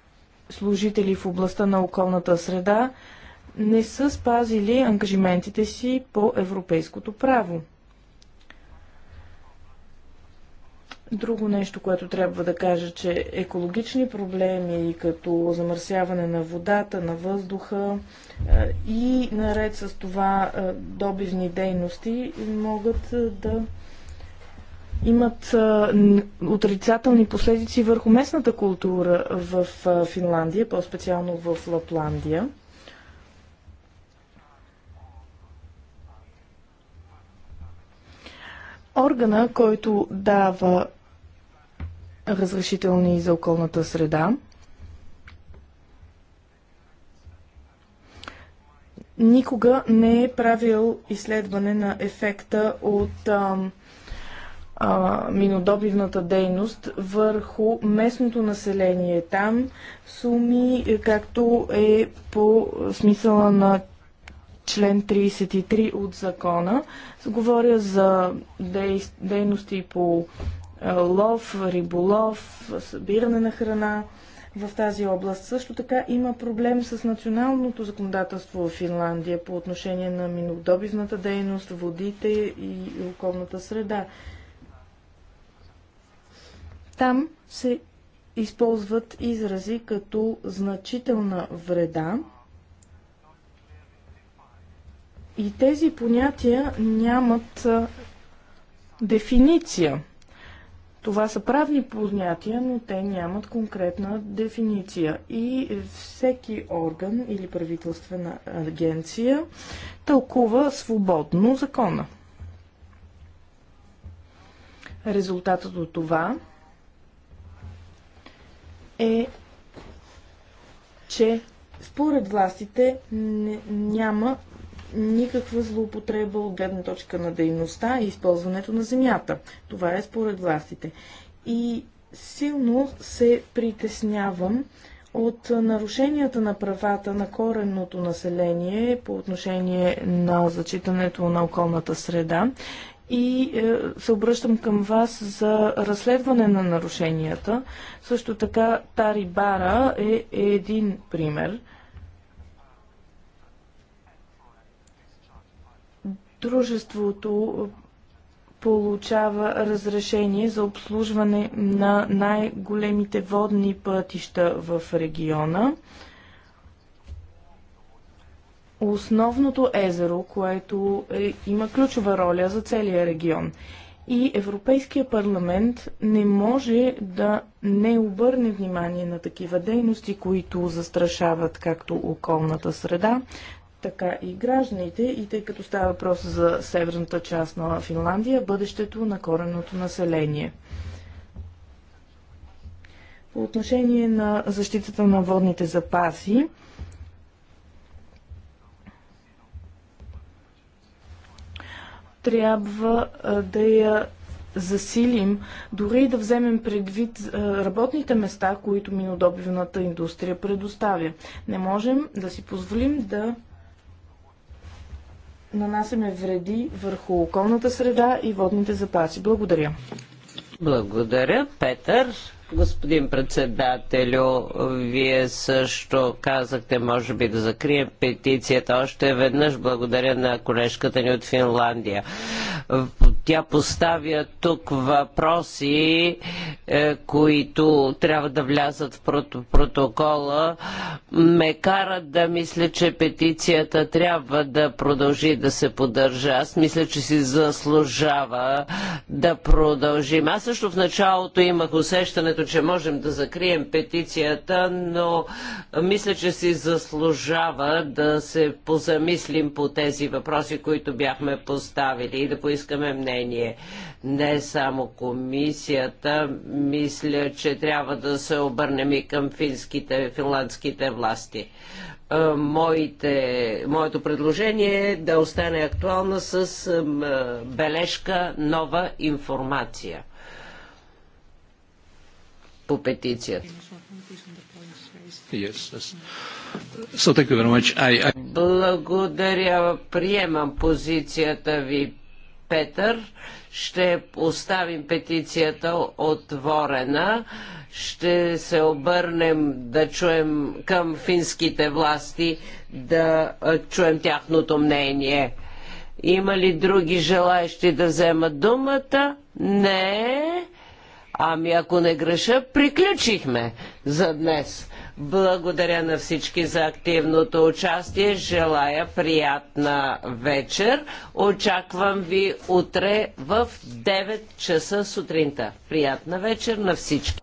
служители в областта на околната среда не са спазили ангажиментите си по европейското право. Друго нещо, което трябва да кажа, че екологични проблеми, като замърсяване на водата, на въздуха е, и наред с това е, добивни дейности могат е, да имат отрицателни последици върху местната култура в Финландия, по-специално в Лапландия. Органа, който дава разрешителни за околната среда, никога не е правил изследване на ефекта от а, а, минодобивната дейност върху местното население там, суми, е, както е по смисъла на член 33 от закона. Говоря за дей, дейности по е, лов, риболов, събиране на храна в тази област. Също така има проблем с националното законодателство в Финландия по отношение на минодобивната дейност, водите и околната среда. Там се използват изрази като значителна вреда. И тези понятия нямат дефиниция. Това са правни понятия, но те нямат конкретна дефиниция. И всеки орган или правителствена агенция тълкува свободно закона. Резултатът от това е, че според властите не, няма никаква злоупотреба от гледна точка на дейността и използването на земята. Това е според властите. И силно се притеснявам от нарушенията на правата на коренното население по отношение на зачитането на околната среда и е, се обръщам към вас за разследване на нарушенията. Също така Тари Бара е, е един пример. Дружеството получава разрешение за обслужване на най-големите водни пътища в региона основното езеро, което е, има ключова роля за целия регион. И Европейския парламент не може да не обърне внимание на такива дейности, които застрашават както околната среда, така и гражданите. И тъй като става въпрос за северната част на Финландия, бъдещето на кореното население. По отношение на защитата на водните запаси, трябва да я засилим, дори и да вземем предвид работните места, които минодобивната индустрия предоставя. Не можем да си позволим да нанасяме вреди върху околната среда и водните запаси. Благодаря. Благодаря, Петър. Господин председателю, вие също казахте, може би да закрием петицията. Още веднъж благодаря на колежката ни от Финландия. Тя поставя тук въпроси, е, които трябва да влязат в протокола. Ме карат да мисля, че петицията трябва да продължи да се поддържа. Аз мисля, че си заслужава да продължим. Аз също в началото имах усещането, че можем да закрием петицията, но мисля, че си заслужава да се позамислим по тези въпроси, които бяхме поставили и да поискаме мнение. Не само комисията, мисля, че трябва да се обърнем и към финските, финландските власти е, моите, моето предложение е да остане актуална с е, е, бележка нова информация по петицията. Yes, yes. So, I, I... Благодаря. Приемам позицията ви, Петър. Ще оставим петицията отворена. Ще се обърнем да чуем към финските власти, да чуем тяхното мнение. Има ли други желаящи да вземат думата? Не. Ами ако не греша, приключихме за днес. Благодаря на всички за активното участие. Желая приятна вечер. Очаквам ви утре в 9 часа сутринта. Приятна вечер на всички.